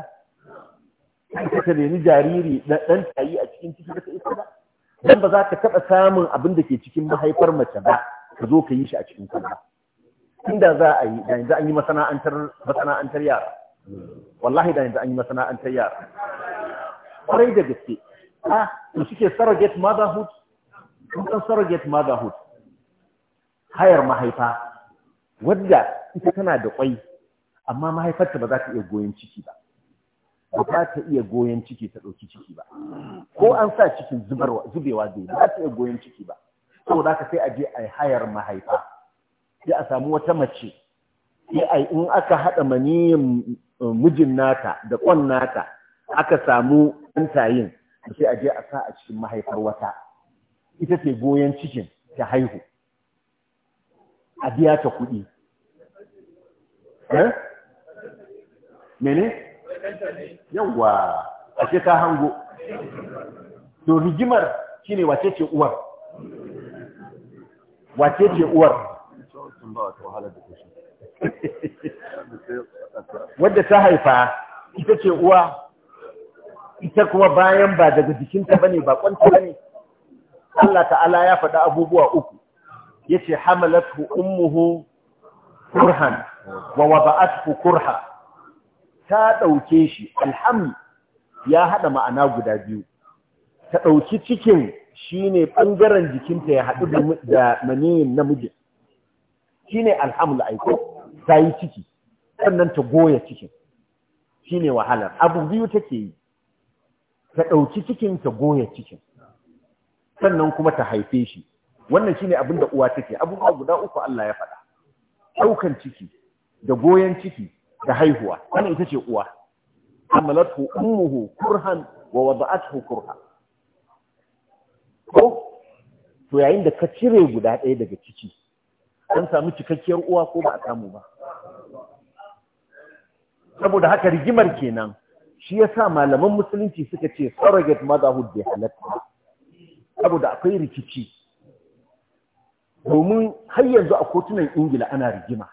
ita ta reni jariri ɗan tayi a cikin ciki ta ita ba dan ba za ka taɓa samun abin da ke cikin mahaifar mace ba ka zo ka yi shi a cikin kwalba inda za a yi da yanzu an yi masana'antar masana'antar yara wallahi da yanzu an yi masana'antar yara kwarai da gaske a ah, in suke surrogate motherhood kun surrogate motherhood hayar mahaifa wadda ita tana da kwai amma mahaifarta ba za ta iya goyon ciki ba ba za ta iya goyon ciki ta ɗauki ciki ba ko an sa cikin zubewa zai ba ta iya goyon ciki ba saboda ka sai a je a hayar mahaifa sai a samu wata mace sai a in aka haɗa maniyin eh, mijin nata da ƙwan nata aka samu ɗan sai a je a sa a cikin mahaifar wata ita ce goyon cikin ta haihu a biya ta kuɗi eh? mene? yawwa a ce ta hango to rigimar shine wace ce uwar wace ce uwar wadda ta haifa ita ce uwa ita kuma bayan ba daga jikinta bane ba kwanta bane Allah ta'ala ya faɗa abubuwa uku yace hamalathu ummuhu kurhan wa wada'athu kurha ta dauke shi alhamd ya hada ma'ana guda biyu ta dauki cikin shine bangaren jikinta ya hadu da maniyin namiji shine alhamd aiko sai ciki sannan ta goya cikin shine wahalar. abu biyu take yi ta ɗauki cikin ta goya cikin sannan kuma ta haife shi wannan shine abin da uwa take abubuwa guda uku Allah ya faɗa ɗaukan ciki da goyon ciki da haihuwa wannan ita ce uwa hamalathu ummuhu kurhan wa wada'athu kurha ko to yayin da ka cire guda ɗaya daga ciki an samu cikakkiyar uwa ko ba a samu ba saboda haka rigimar kenan shi ya sa malaman musulunci suka ce surrogate motherhood bai halatta saboda akwai rikici domin har yanzu a kotunan ingila ana rigima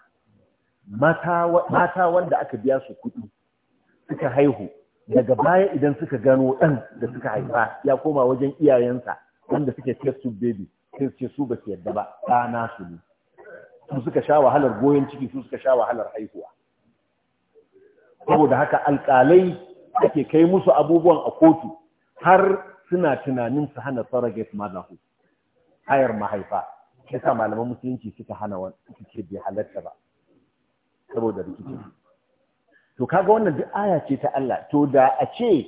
mata wanda aka biya su kuɗi suka haihu daga baya idan suka gano ɗan da suka haifa ya koma wajen iyayensa wanda suke test tube baby sai ce su ba su yadda ba ta su ne su suka sha wahalar goyon ciki su suka sha wahalar haihuwa saboda haka alƙalai ake kai musu abubuwan a kotu har suna tunanin su hana surrogate motherhood hayar mahaifa sa malaman musulunci suka hana wani ke bai halatta ba saboda rikici to kaga wannan duk aya ce ta Allah to da a ce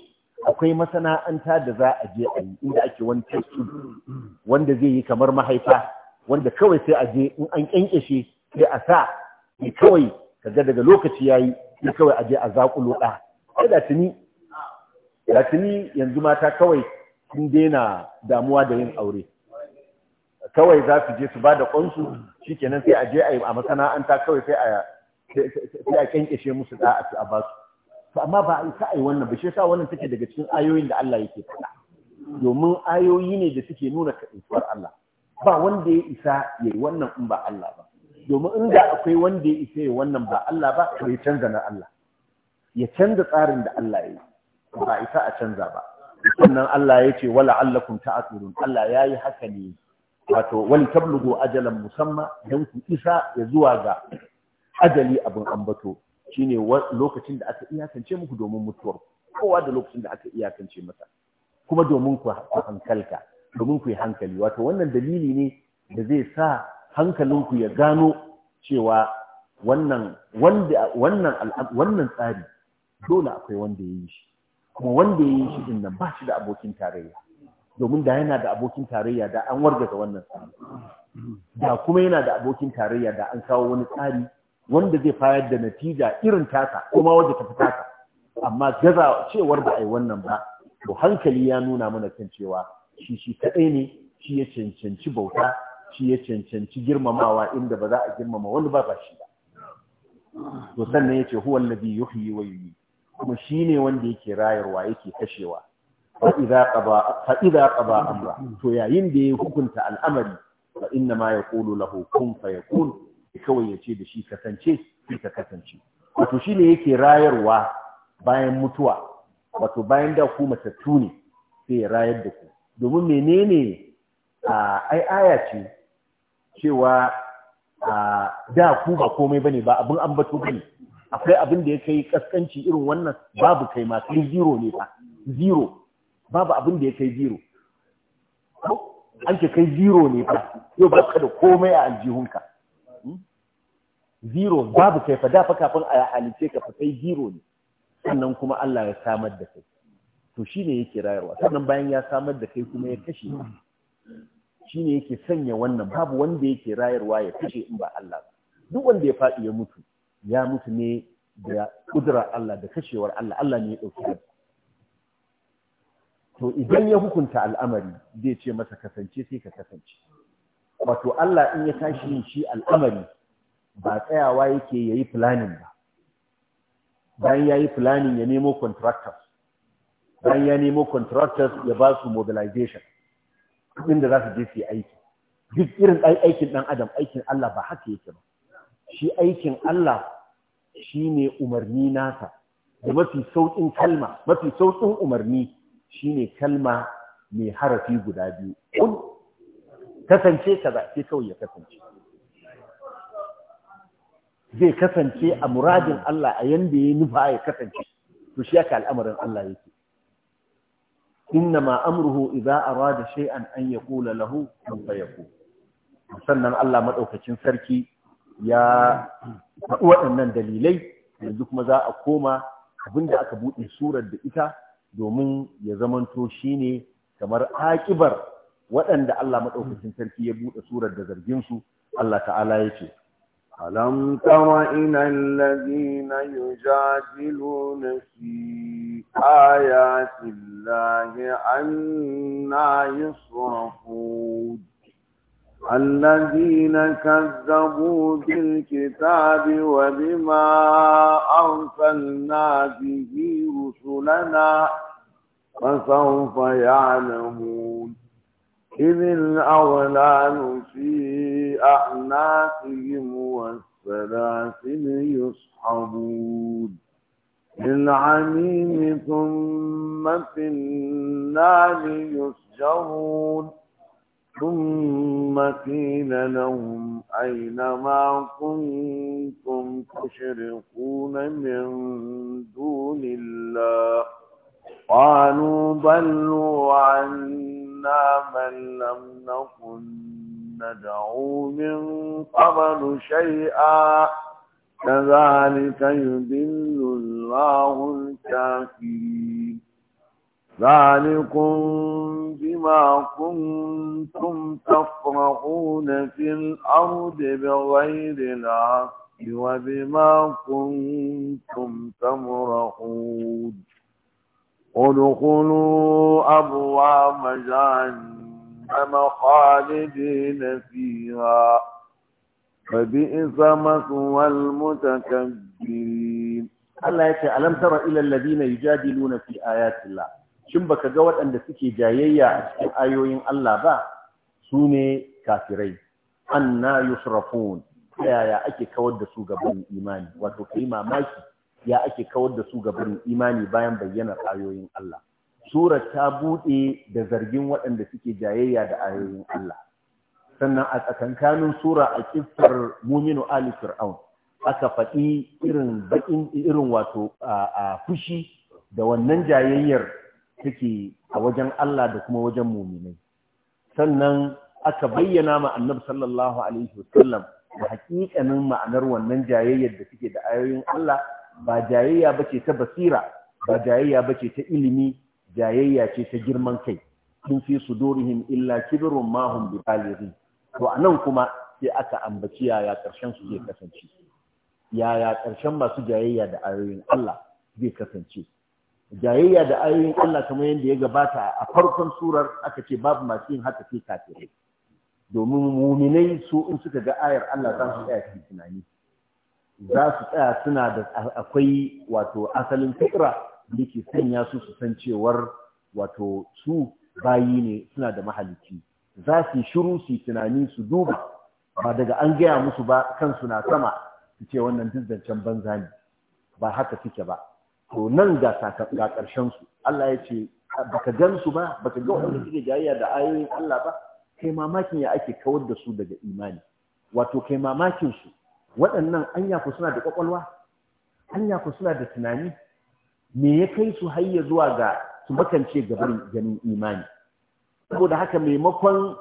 akwai masana'anta da za a je a yi inda ake wani testing wanda zai yi kamar mahaifa wanda kawai sai a je in an kyankyashe sai a sa ne kawai kaga daga lokaci yayi sai kawai a je a zakulo da da tuni ya tuni yanzu mata kawai sun daina damuwa da yin aure kawai za su je su ba da ƙwansu shi kenan sai a je a masana'anta kawai sai a kyankyashe musu da a ba su amma ba a isa a yi wannan ba shi sa wannan take daga cikin ayoyin da Allah yake faɗa domin ayoyi ne da suke nuna kaɗaituwar Allah ba wanda ya isa ya yi wannan in ba Allah ba domin in da akwai wanda ya isa ya yi wannan ba Allah ba to ya canza na Allah ya canza tsarin da Allah ya yi ba isa a canza ba sannan Allah ya ce wala allakum ta'qilun Allah yayi haka ne wato wal tablugu ajalan musamma dan ku isa ya zuwa ga ajali abin ambato shine lokacin da aka iyakance muku domin mutuwar kowa da lokacin da aka iyakance masa kuma domin ku hankalka domin ku yi hankali wato wannan dalili ne da zai sa hankalinku ya gano cewa wannan wannan wannan tsari dole akwai wanda ya yi shi kuma wanda ya yi shi din nan ba shi da abokin tarayya domin da yana da abokin tarayya da an warga ga wannan tsari da kuma yana da abokin tarayya da an kawo wani tsari wanda zai fayar da natija irin taka kuma wanda tafi taka amma gaza cewar da yi wannan ba to hankali ya nuna mana kan cewa shi shi kaɗai ne shi ya cancanci bauta shi ya cancanci girmamawa inda ba za a girmama wani ba ba shi ba to sannan ya ce huwa alladhi yuhyi wa yumiit kuma shi ne wanda yake rayarwa yake kashewa fa'iza ƙaba qada amra to yayin da ya hukunta al'amari ba inna ma yaqulu ya kun ya kawai ya ce da shi kasance sai ka kasance wato shi ne yake rayarwa bayan mutuwa wato bayan da ku matattu ne sai ya rayar da ku domin menene ai aya ce cewa da ku ba komai bane ba abin ambato bane akwai abin da ya kai kaskanci irin wannan babu kai ma kai zero ne fa zero babu abin da ya kai zero an ce kai zero ne fa yau ba ka da komai a aljihunka hmm? zero babu kai fa da fa kafin a halice ka fa kai zero ne sannan kuma Allah ya samar da kai to shine yake rayarwa sannan bayan ya samar da kai kuma ya kashe shine yake sanya wannan babu wanda yake rayarwa ya kashe in ba Allah duk wanda ya faɗi ya mutu ya mutu ne da kudura Allah da kashewar Allah Allah ne ya ɗauki hajji to idan ya hukunta al'amari zai ce masa kasance sai ka kasance wato Allah in ya tashi yin shi al'amari ba tsayawa yake ya yi planning ba bayan ya yi planning ya nemo contractors bayan ya nemo contractors ya ba su mobilization inda za su je su yi aiki duk irin aikin ɗan adam aikin Allah ba haka yake ba shi aikin Allah shi ne umarni nasa da mafi sauƙin kalma mafi sauƙin umarni shi ne kalma mai harafi guda biyu kasance kaza sai kawai ya kasance zai kasance a muradin Allah a yanda ya nufa ya kasance to shi yaka al'amarin Allah yake إنما amruhu إذا أراد da أن يقول له كن فيكون sannan Allah maɗaukacin sarki ya faɗi waɗannan dalilai yanzu kuma za a koma abin da aka buɗe surar da ita domin ya zamanto shi ne kamar aƙibar waɗanda Allah maɗaukacin sarki ya buɗe surar da zarginsu Allah ta'ala ya ce ألم تر إلى الذين يجادلون في آيات الله أنا يصرفون الذين كذبوا بالكتاب وبما أرسلنا به رسلنا فسوف يعلمون إذ الأغلال في أعناقهم والسلاسل يصحبون في العميم ثم في النار يسجرون ثم قيل لهم أين ما كنتم تشركون من دون الله قالوا ضلوا عنا من لم نكن ندعو من قبل شيئا كذلك يضل الله الكافرين ذلكم بما كنتم تفرحون في الأرض بغير العقل وبما كنتم تمرحون ادخلوا أبواب جهنم خالدين فيها فبئس مثوى المتكبرين الله يقول ألم تر إلى الذين يجادلون في آيات الله shin baka ga waɗanda suke jayayya a cikin ayoyin Allah ba su ne kafirai anna yusrafun yaya ake kawar da su gaban imani wato kai mamaki ya ake kawar da su gaban imani bayan bayyanar ayoyin Allah surar ta bude da zargin waɗanda suke jayayya da ayoyin Allah sannan a tsakankanin sura a kiffar muminu ali fir'aun aka faɗi irin irin wato a fushi da wannan jayayyar take a wajen Allah da kuma wajen muminai sannan aka bayyana ma annabi sallallahu alaihi wasallam da hakikanin ma'anar wannan jayayyar da suke da ayoyin Allah ba jayayya bace ta basira ba jayayya bace ta ilimi jayayya ce ta girman kai in fi sudurihim illa kibrun ma hum bibalighi to anan kuma sai aka ambaci yaya karshen su zai kasance yaya karshen masu jayayya da ayoyin Allah zai kasance jayayya da ayoyin Allah kamar yadda ya gabata a farkon surar aka ce babu masu yin haka sai kafirai domin muminai su in suka ga ayar Allah za su tsaya su tunani za su tsaya suna da akwai wato asalin fitra da ke sanya su su san cewar wato su bayi ne suna da mahalicci za su shiru su tunani su duba ba daga an gaya musu ba kansu na sama su ce wannan duk banza ne ba haka suke ba to nan ga ga karshen su Allah ya ce baka gan su ba baka ga wanda suke jayayya da ayoyin Allah ba kai mamakin ya ake kawar da su daga imani wato kai mamakin su waɗannan anya ku suna da kwakwalwa anya ku suna da tunani me ya kai su hayya zuwa ga su makance gaban ganin imani saboda haka maimakon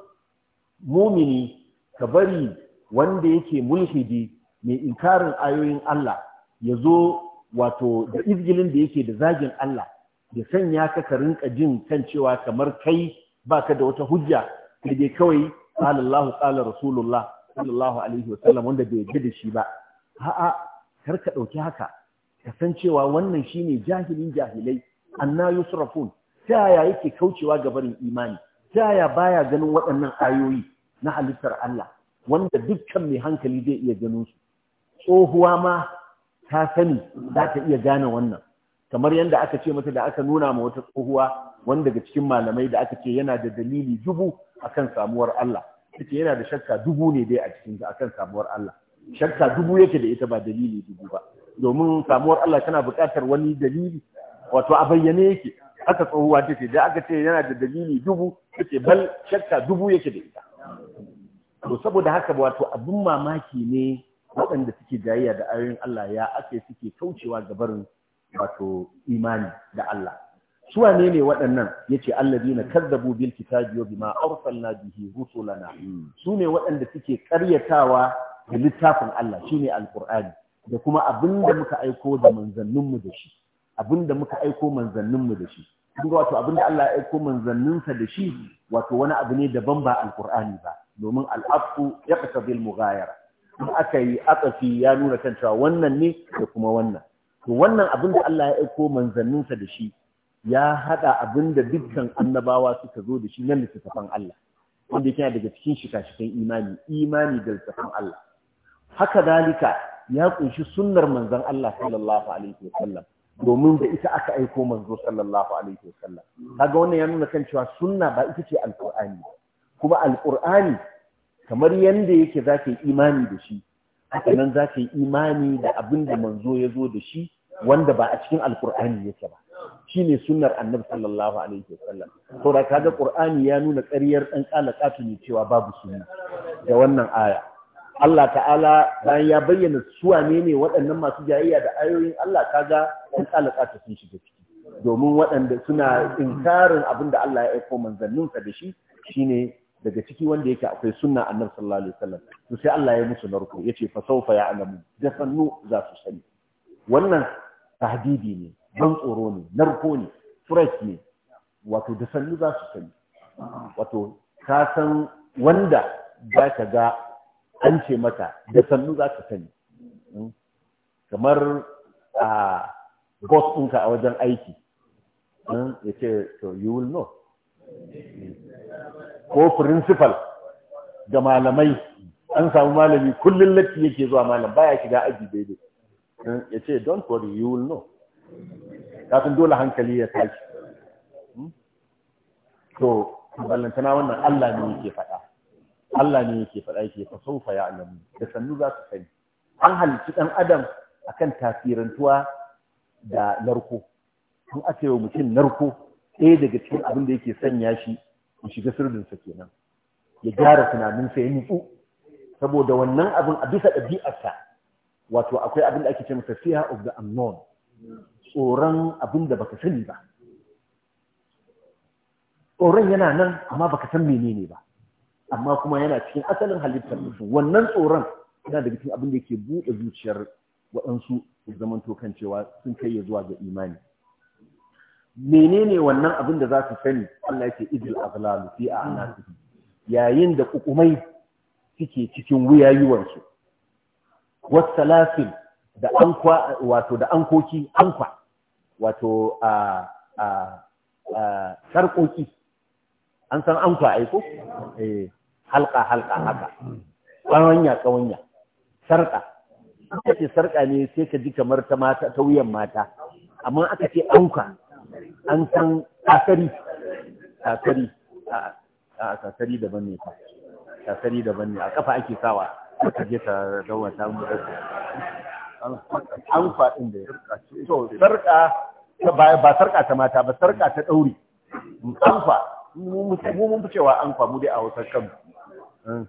mumini ka bari wanda yake mulhidi mai inkarin ayoyin Allah ya zo wato da izgilin da yake da zagin Allah ya sanya ka ka rinka jin kan cewa kamar kai baka da wata hujja sai dai kawai qala Allah qala Rasulullah sallallahu alaihi sallam, wanda bai yarda da shi ba a'a kar ka dauki haka ka san cewa wannan shine jahilin jahilai anna yusrafun ta yaya yake kaucewa ga barin imani ta yaya baya ganin waɗannan ayoyi na halittar Allah wanda dukkan mai hankali zai iya ganin su tsohuwa ma ta sani za ta iya gane wannan kamar yadda aka ce mata da aka nuna ma wata tsohuwa wanda daga cikin malamai da aka ce yana da dalili dubu akan samuwar Allah take yana da shakka dubu ne dai a cikin akan samuwar Allah shakka dubu yake da ita ba dalili dubu ba domin samuwar Allah tana buƙatar wani dalili wato a bayyane yake aka tsohuwa take da aka ce yana da dalili dubu take bal shakka dubu yake da ita to saboda haka wato abin mamaki ne waɗanda suke jayayya da ayoyin Allah ya ake suke kaucewa ga barin wato imani da Allah su Wanene ne waɗannan yace alladina kazzabu bil kitabi wa bima arsalna bihi rusulana su ne waɗanda suke ƙaryatawa da littafin Allah shine alqur'ani da kuma abinda muka aiko da manzanninmu da shi abinda muka aiko manzanninmu da shi kun wato abinda Allah ya aiko manzanninsa da shi wato wani abu ne daban ba alqur'ani ba domin al'afu yaqtabil mughayara in aka yi atsafi ya nuna kan cewa wannan ne da kuma wannan to wannan abin da Allah ya aiko manzanninsa da shi ya hada abin da dukkan annabawa suka zo da shi nan littattafan Allah wanda yake daga cikin shika-shikan imani imani da littattafan Allah haka dalika ya kunshi sunnar manzon Allah sallallahu alaihi wasallam domin da ita aka aiko manzo sallallahu alaihi wasallam kaga wannan ya nuna kan cewa sunna ba ita ce alqur'ani kuma alqur'ani kamar yanda yake za ka yi imani da shi haka nan za ka yi imani da abin da manzo ya zo da shi wanda ba a cikin alkur'ani yake ba shine sunnar annabi sallallahu alaihi wasallam to da kaga qur'ani ya nuna ƙaryar dan kalakatu ne cewa babu sunna da wannan aya Allah ta'ala bayan ya bayyana su wane ne waɗannan masu jayayya da ayoyin Allah kaga dan kalakatu sun shiga ciki domin waɗanda suna inkarin abin da Allah ya aiko manzanninsa da shi shine daga ciki wanda yake akwai sunna annar sallallahu alaihi wasallam to sai Allah ya musu narko yace fa sawfa alamu da sannu za su sani wannan tahdidi ne ban tsoro ne narko ne fresh ne wato da sannu za su sani wato ka san wanda za ka ga an ce mata da sannu za ka sani hmm? kamar a boss ɗinka a wajen aiki hmm? ya ce to you will know hmm. ko principal da malamai an samu malami kullum latti yake zuwa malam baya shiga aji daidai ya ce don't worry you will know kafin dole hankali ya tashi hmm? to ballantana wannan Allah ne yake faɗa Allah ne yake faɗa yake fa saufa ya alamu da sannu za su sani an halicci ɗan adam akan tasirantuwa da narko in aka yi wa mutum narko ɗaya daga cikin abin da yake sanya shi in shiga sirrinsa kenan ya gyara tunaninsa ya nutsu saboda wannan abin a bisa ɗabi'arsa wato akwai abin da ake ce masa fear of the unknown tsoron abin da baka sani ba tsoron yana nan amma baka san menene ba amma kuma yana cikin asalin halittar mutum wannan tsoron yana daga cikin abin da ke buɗe zuciyar waɗansu zaman to kan cewa sun kai ya zuwa ga imani menene wannan abin da za su sani Allah ya ce idil azlalu fi a'naqihim yayin da kukumai suke cikin wuyayuwansu wasalasil da ankwa wato da ankoki ankwa wato a a a sarkoki an san ankwa ai ko eh halqa halqa haka kawanya kawanya sarka aka ce sarka ne sai ka ji kamar ta mata ta wuyan mata amma aka ce ankwa an san kakari kakari a kakari daban ne kakari daban ne a kafa ake sawa ka je ta dawa ta mu an faɗin da ya sarka ba sarka ta mata ba sarka ta ɗauri anfa mu mun fi cewa anfa mu dai a wasan kan hmm.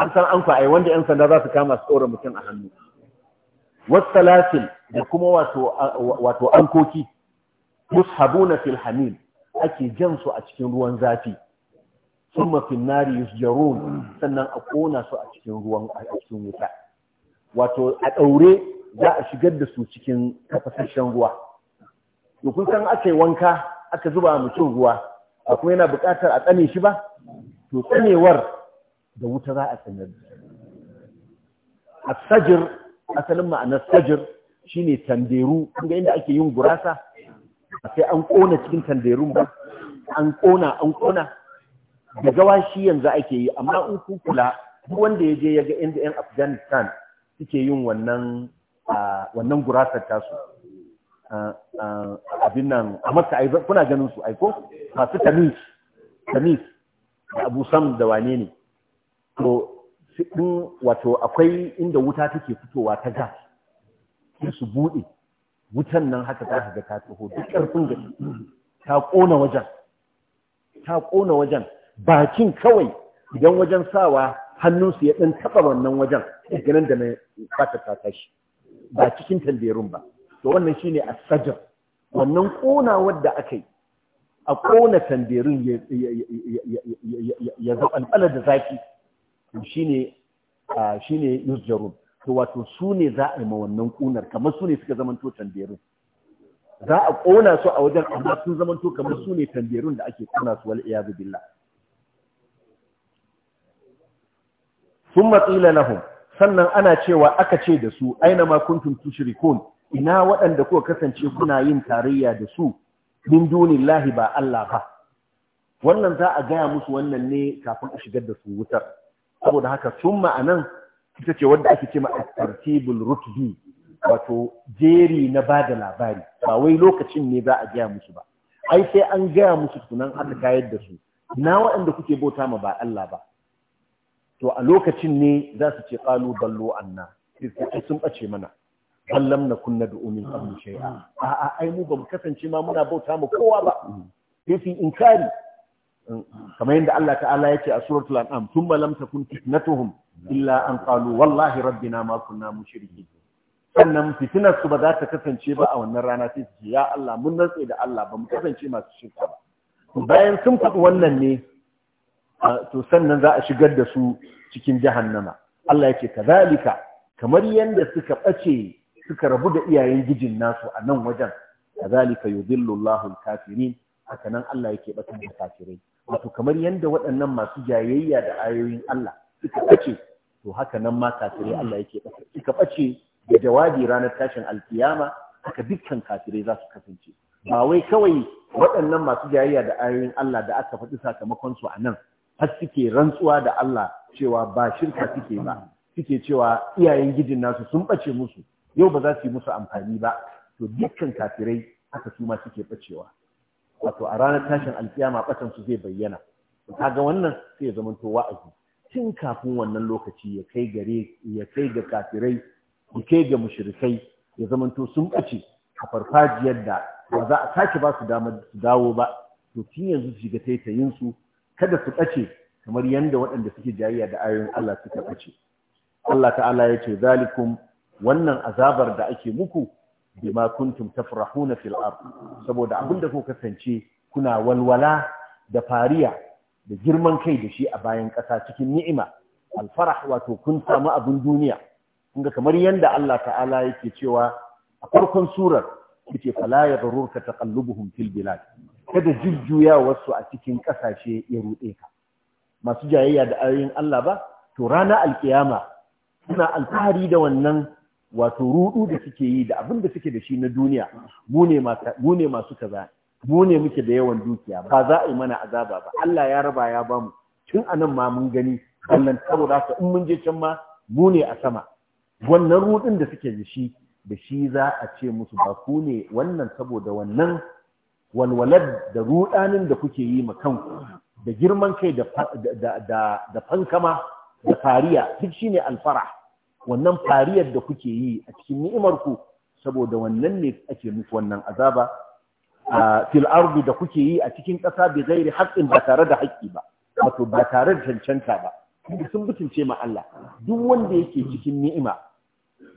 an san anfa ai wanda yan sanda za su kama su tsora mutum a hannu wasu talatin da kuma wato ankoki yushabuna fil hamim ake jan su a cikin ruwan zafi summa fil nari yusjarun sannan a kona su a cikin ruwan a cikin wuta wato a daure za a shigar da su cikin tafasasshen ruwa to kun san aka yi wanka aka zuba mutum ruwa akwai yana buƙatar a tsane shi ba to tsanewar da wuta za a tsanar asajir asalin ma'anar sajir shine tanderu kun ga inda ake yin gurasa sai an ƙona cikin tanderun ba an ƙona an ƙona da gawa shi yanzu ake yi amma in ku kula duk wanda ya je ya ga inda 'yan afghanistan suke yin wannan gurasar tasu abin nan a maka kuna ganin su aiko masu tamis tamis da abu sam da wane ne to wato akwai inda wuta take fitowa ta gas su buɗe wutan nan haka ta ga ta tsoho duk ƙarfin da ta ƙona wajen ta ƙona wajen bakin kawai idan wajen sawa hannunsu ya ɗan taɓa wannan wajen ganin da na fata ta tashi ba cikin tanderun ba to wannan shine sajar wannan ƙona da aka yi a ƙona tanderun ya zaɓanɓala da zafi shine shine yuzjarun to wato su ne za a yi ma wannan ƙunar kamar su ne suka zamanto tanderun za a ƙona su a wajen amma sun zamanto kamar su ne tanderun da ake ƙona su wal iyadu billah sun matsila lahum sannan ana cewa aka ce da su aina ma kuntum tushrikun ina waɗanda kuka kasance kuna yin tarayya da su min dunillahi ba Allah ba wannan za a gaya musu wannan ne kafin a shigar da su wutar saboda haka sun ma'anan ita ce wadda ake ce ma tartibul rutbi wato jeri na ba da labari ba wai lokacin ne za a gaya musu ba ai sai an gaya musu tunan aka kayar da su na waɗanda kuke bauta ma ba Allah ba to a lokacin ne za su ce qalu ballu anna sai sun bace mana ballam na kunna da umin abu shay'a a a ai mu ba mu kasance ma muna bauta ma kowa ba sai su inkari kamar yadda Allah ta'ala yake a suratul an'am thumma lam takun fitnatuhum illa an falo wallahi rabbina ma kunna mushrikin sannan fitinar su ba za ta kasance ba a wannan rana sai su ya Allah mun rantse da Allah ba mu kasance masu shirka ba bayan sun faɗi wannan ne to sannan za a shigar da su cikin jahannama Allah yake kazalika kamar yanda suka bace suka rabu da iyayen gijin nasu a nan wajen kazalika yudhillu Allahu al-kafirin haka nan Allah yake batar da kafirai wato kamar yanda waɗannan masu jayayya da ayoyin Allah suka ɓace to haka nan ma kafirai hmm. Allah yake ɓace suka ɓace da jawabi ranar tashin alkiyama haka dukkan kafirai za su kasance ba wai kawai waɗannan masu jayayya da ayoyin Allah da aka faɗi sakamakon su a nan har suke rantsuwa da Allah cewa ba shirka suke ba suke cewa iyayen gijin nasu sun ɓace musu yau ba za su yi musu amfani ba to dukkan kafirai haka su ma suke ɓacewa wato a ranar tashin alkiyama ɓatan su zai bayyana kaga wannan sai ya zamanto wa'azi tun kafin wannan lokaci ya kai ya kai ga kafirai ya kai ga mushrikai ya zamanto sun ɓace a farfajiyar da ba za a sake ba su su dawo ba to tun yanzu su shiga taitayin su kada su ɓace kamar yadda waɗanda suke jayayya da ayoyin Allah suka ɓace Allah ta'ala ya ce zalikum wannan azabar da ake muku bima kuntum tafrahuna fil ard saboda abinda kuka kasance kuna walwala da fariya da girman kai da shi a bayan ƙasa cikin ni'ima alfarah wato kun samu abin duniya kunga kamar yadda Allah ta'ala yake cewa a farkon surar yace fala yaghrurka taqallubuhum fil bilad kada jujjuya wasu a cikin ƙasashe ya ruɗe ka masu jayayya da ayoyin Allah ba to rana alkiyama suna alfahari da wannan wato ruɗu da suke yi da abin da suke da shi na duniya mu ne masu kaza mu ne muke da yawan dukiya ba za a yi mana azaba ba Allah ya raba ya bamu tun anan ma mun gani wannan saboda ka in mun je can ma mu ne a sama wannan rudin da suke da shi da shi za a ce musu ba ku ne wannan saboda wannan walwalad da rudanin da kuke yi ma kanku da girman kai da da fankama da fariya duk shine alfara wannan fariyar da kuke yi a cikin ni'imar ku saboda wannan ne ake muku wannan azaba fil ardi da kuke yi a cikin ƙasa bi zai haqqin ba tare da haƙƙi ba wato ba tare da cancanta ba sun mutunce ma Allah duk wanda yake cikin ni'ima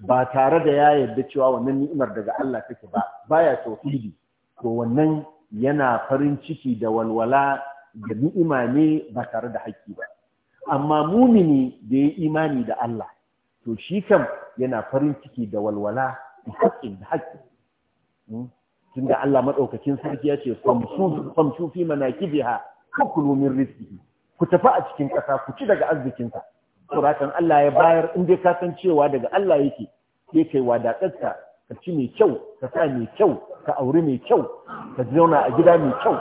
ba tare da ya yarda cewa wannan ni'imar daga Allah take ba baya tauhidi to wannan yana farin ciki da walwala da ni'ima ne ba tare da haƙƙi ba amma mumini da ya imani da Allah to shi kam yana farin ciki da walwala da haƙƙin da haƙƙi hmm? tunda Allah madaukakin sarki ya ce famsu fi manakibiha kullu min rizqihi ku tafi a cikin ƙasa ku ci daga arzikin ka suratan Allah ya bayar in dai ka san cewa daga Allah yake sai kai wadatarka ka ci mai kyau ka sa mai kyau ka auri mai kyau ka zauna a gida mai kyau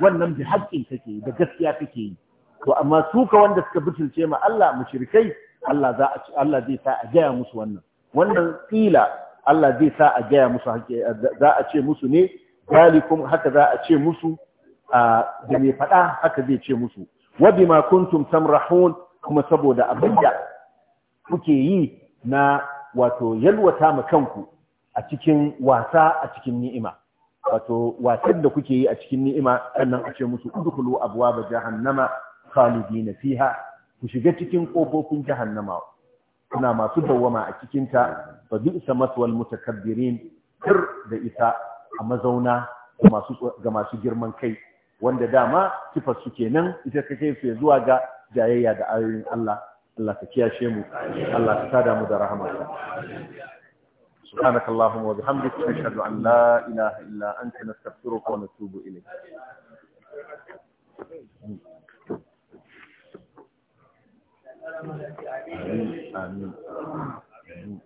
wannan bi haƙƙin kake da gaskiya kake yi to amma su ka wanda suka butulce ma Allah mushrikai Allah za a Allah zai sa a gaya musu wannan wannan kila Allah zai sa a gaya musu za a ce musu ne zalikum haka za a ce musu da mai faɗa haka zai ce musu wa bima kuntum tamrahun kuma saboda abinda kuke yi na wato yalwata ma kanku a cikin wasa a cikin ni'ima wato wasan da kuke yi a cikin ni'ima sannan a ce musu udkhulu abwaaba jahannama khalidina fiha ku shiga cikin kofofin jahannama kuna masu dawwama a cikin ta fa isa maswal mutakabbirin kir da isa a mazauna ga masu girman kai wanda dama sifar su kenan ita kake su zuwa ga jayayya da ayoyin Allah Allah ka kiyashe mu Allah ka tada mu da rahamarsa سبحانك اللهم وبحمدك نشهد أن لا إله إلا أنت نستغفرك ونتوب إليك آمين آمين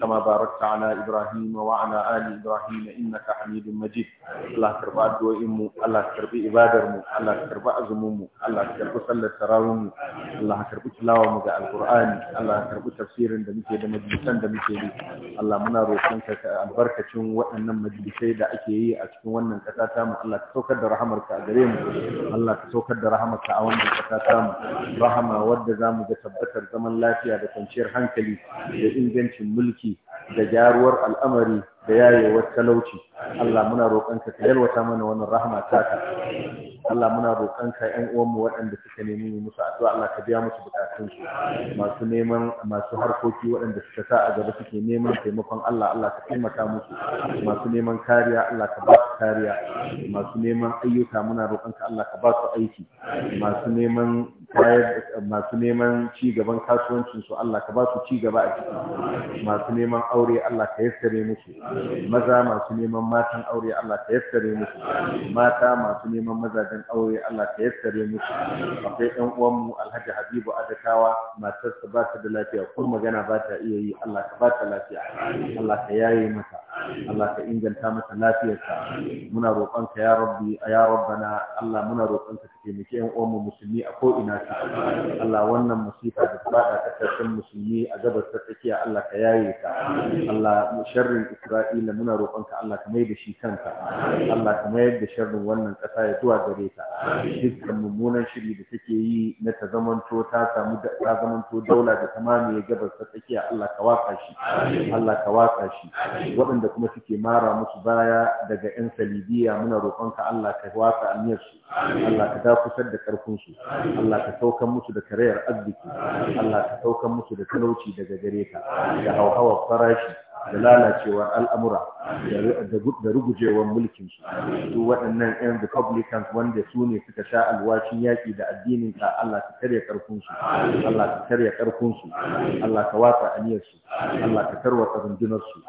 كما باركت على إبراهيم وعلى آل إبراهيم إنك حميد مجيد الله تربى دوئم الله تربى إبادرم الله تربى أزمم الله تربى صلى تراوم الله تربى تلاوم القرآن الله تربى تفسير دمك دمجلسا دمك الله منا روحك البركة وأن مجلسي da ake yi a cikin wannan kasa ta mu Allah ka saukar da rahamarka a gare mu Allah ka saukar da rahamarka a wannan kasa mu rahama wadda zamu ga tabbatar zaman lafiya da kwanciyar hankali da ingancin mulki kirki da gyaruwar al'amari da yayewar talauci Allah muna roƙonka ka yalwata mana wannan rahama taka Allah muna roƙanka ƴan uwan mu waɗanda suka nemi musu addu'a Allah ka biya musu bukatun su masu neman masu harkoki waɗanda suka sa a gaba suke neman taimakon Allah Allah ka taimaka musu masu neman kariya Allah ka ba su kariya masu neman ayyuka muna roƙanka Allah ka ba su aiki masu neman masu neman ci gaban kasuwancin su Allah ka ba su ci gaba a ciki masu neman aure Allah ka yassare musu maza masu neman matan aure Allah ka yassare musu mata masu neman mazajen aure Allah ka yassare musu akwai ɗan uwan mu Alhaji Habibu Adakawa matar sa ba ta da lafiya ko magana ba ta iya yi Allah ka ba ta lafiya Allah ka yaye mata Allah ka inganta mata lafiyarta muna ka ya rabbi ya rabbana Allah muna roƙon ka taimaki ɗan uwan mu musulmi a ko ina su Allah wannan musifa da ta kasashen musulmi a gabas ta tsakiya Allah ka yaye ta Allah sharrin Isra'ila Isra'ila muna roƙonka Allah ka mai da shi kanka Allah ka mayar da sharrin wannan ƙasa ya zuwa gare ta dukkan mummunan shiri da take yi na ta zamanto ta samu ta zamanto daula da tamamiya gabas ta tsakiya Allah ka waka shi Allah ka waka shi waɗanda kuma suke mara musu baya daga 'yan salibiya muna roƙonka Allah ka waka aniyar su Allah ka dakusar da ƙarfin su Allah ka saukan musu da karayar arziki Allah ka saukan musu da talauci daga gare ka da hauhawar farashi da lalacewar al'amura da rugujewar mulkin su su waɗannan yan republicans wanda su ne suka sha alwashin yaƙi da addinin ka Allah ka karya karfin Allah ka karya karfin Allah ka watsa aniyar su Allah ka karwa rundunar su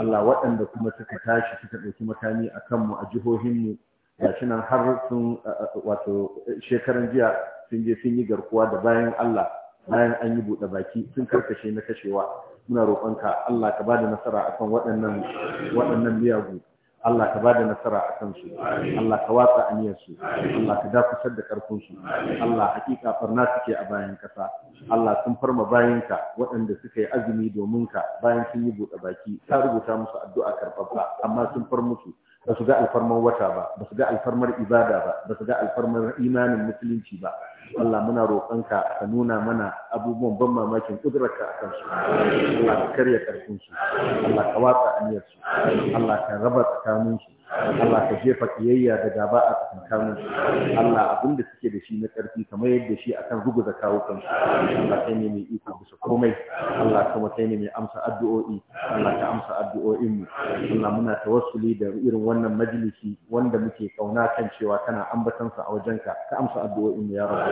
Allah waɗanda kuma suka tashi suka ɗauki makami a kanmu a jihohin mu gashi nan har sun wato shekaran jiya sun je sun yi garkuwa da bayan Allah bayan an yi buɗe baki sun karkashe na kashewa muna roƙonka Allah ka bada nasara akan waɗannan waɗannan miyagu Allah ka bada nasara a kansu, Allah ka watsa aniyarsu, Allah ka dakusar da ƙarfinsu, Allah hakika farna suke a bayan ƙasa, Allah sun farma bayanka waɗanda suka yi azumi domin ka bayan sun yi buɗe baki, ta rubuta musu addu'a karɓaɓɓa, amma sun far musu, ba su ga alfarmar wata ba, ba su ga alfarmar ibada ba, ba su ga alfarmar imanin musulunci ba, Allah muna roƙonka ka nuna mana abubuwan ban mamakin kudurarka a kansu Allah ka karya karfin su Allah ka watsa aniyar su Allah ka raba tsakanin su Allah ka jefa kiyayya da gaba a tsakanin su Allah abin da suke da shi na ƙarfi kamar yadda shi akan ruguza kawo kansu Allah kai ne mai iko bisa komai Allah kuma kai ne mai amsa addu'o'i Allah ka amsa addu'o'inmu mu Allah muna tawassuli da irin wannan majalisi wanda muke ƙauna kan cewa kana ambatansa a wajenka ka amsa addu'o'inmu mu ya rabu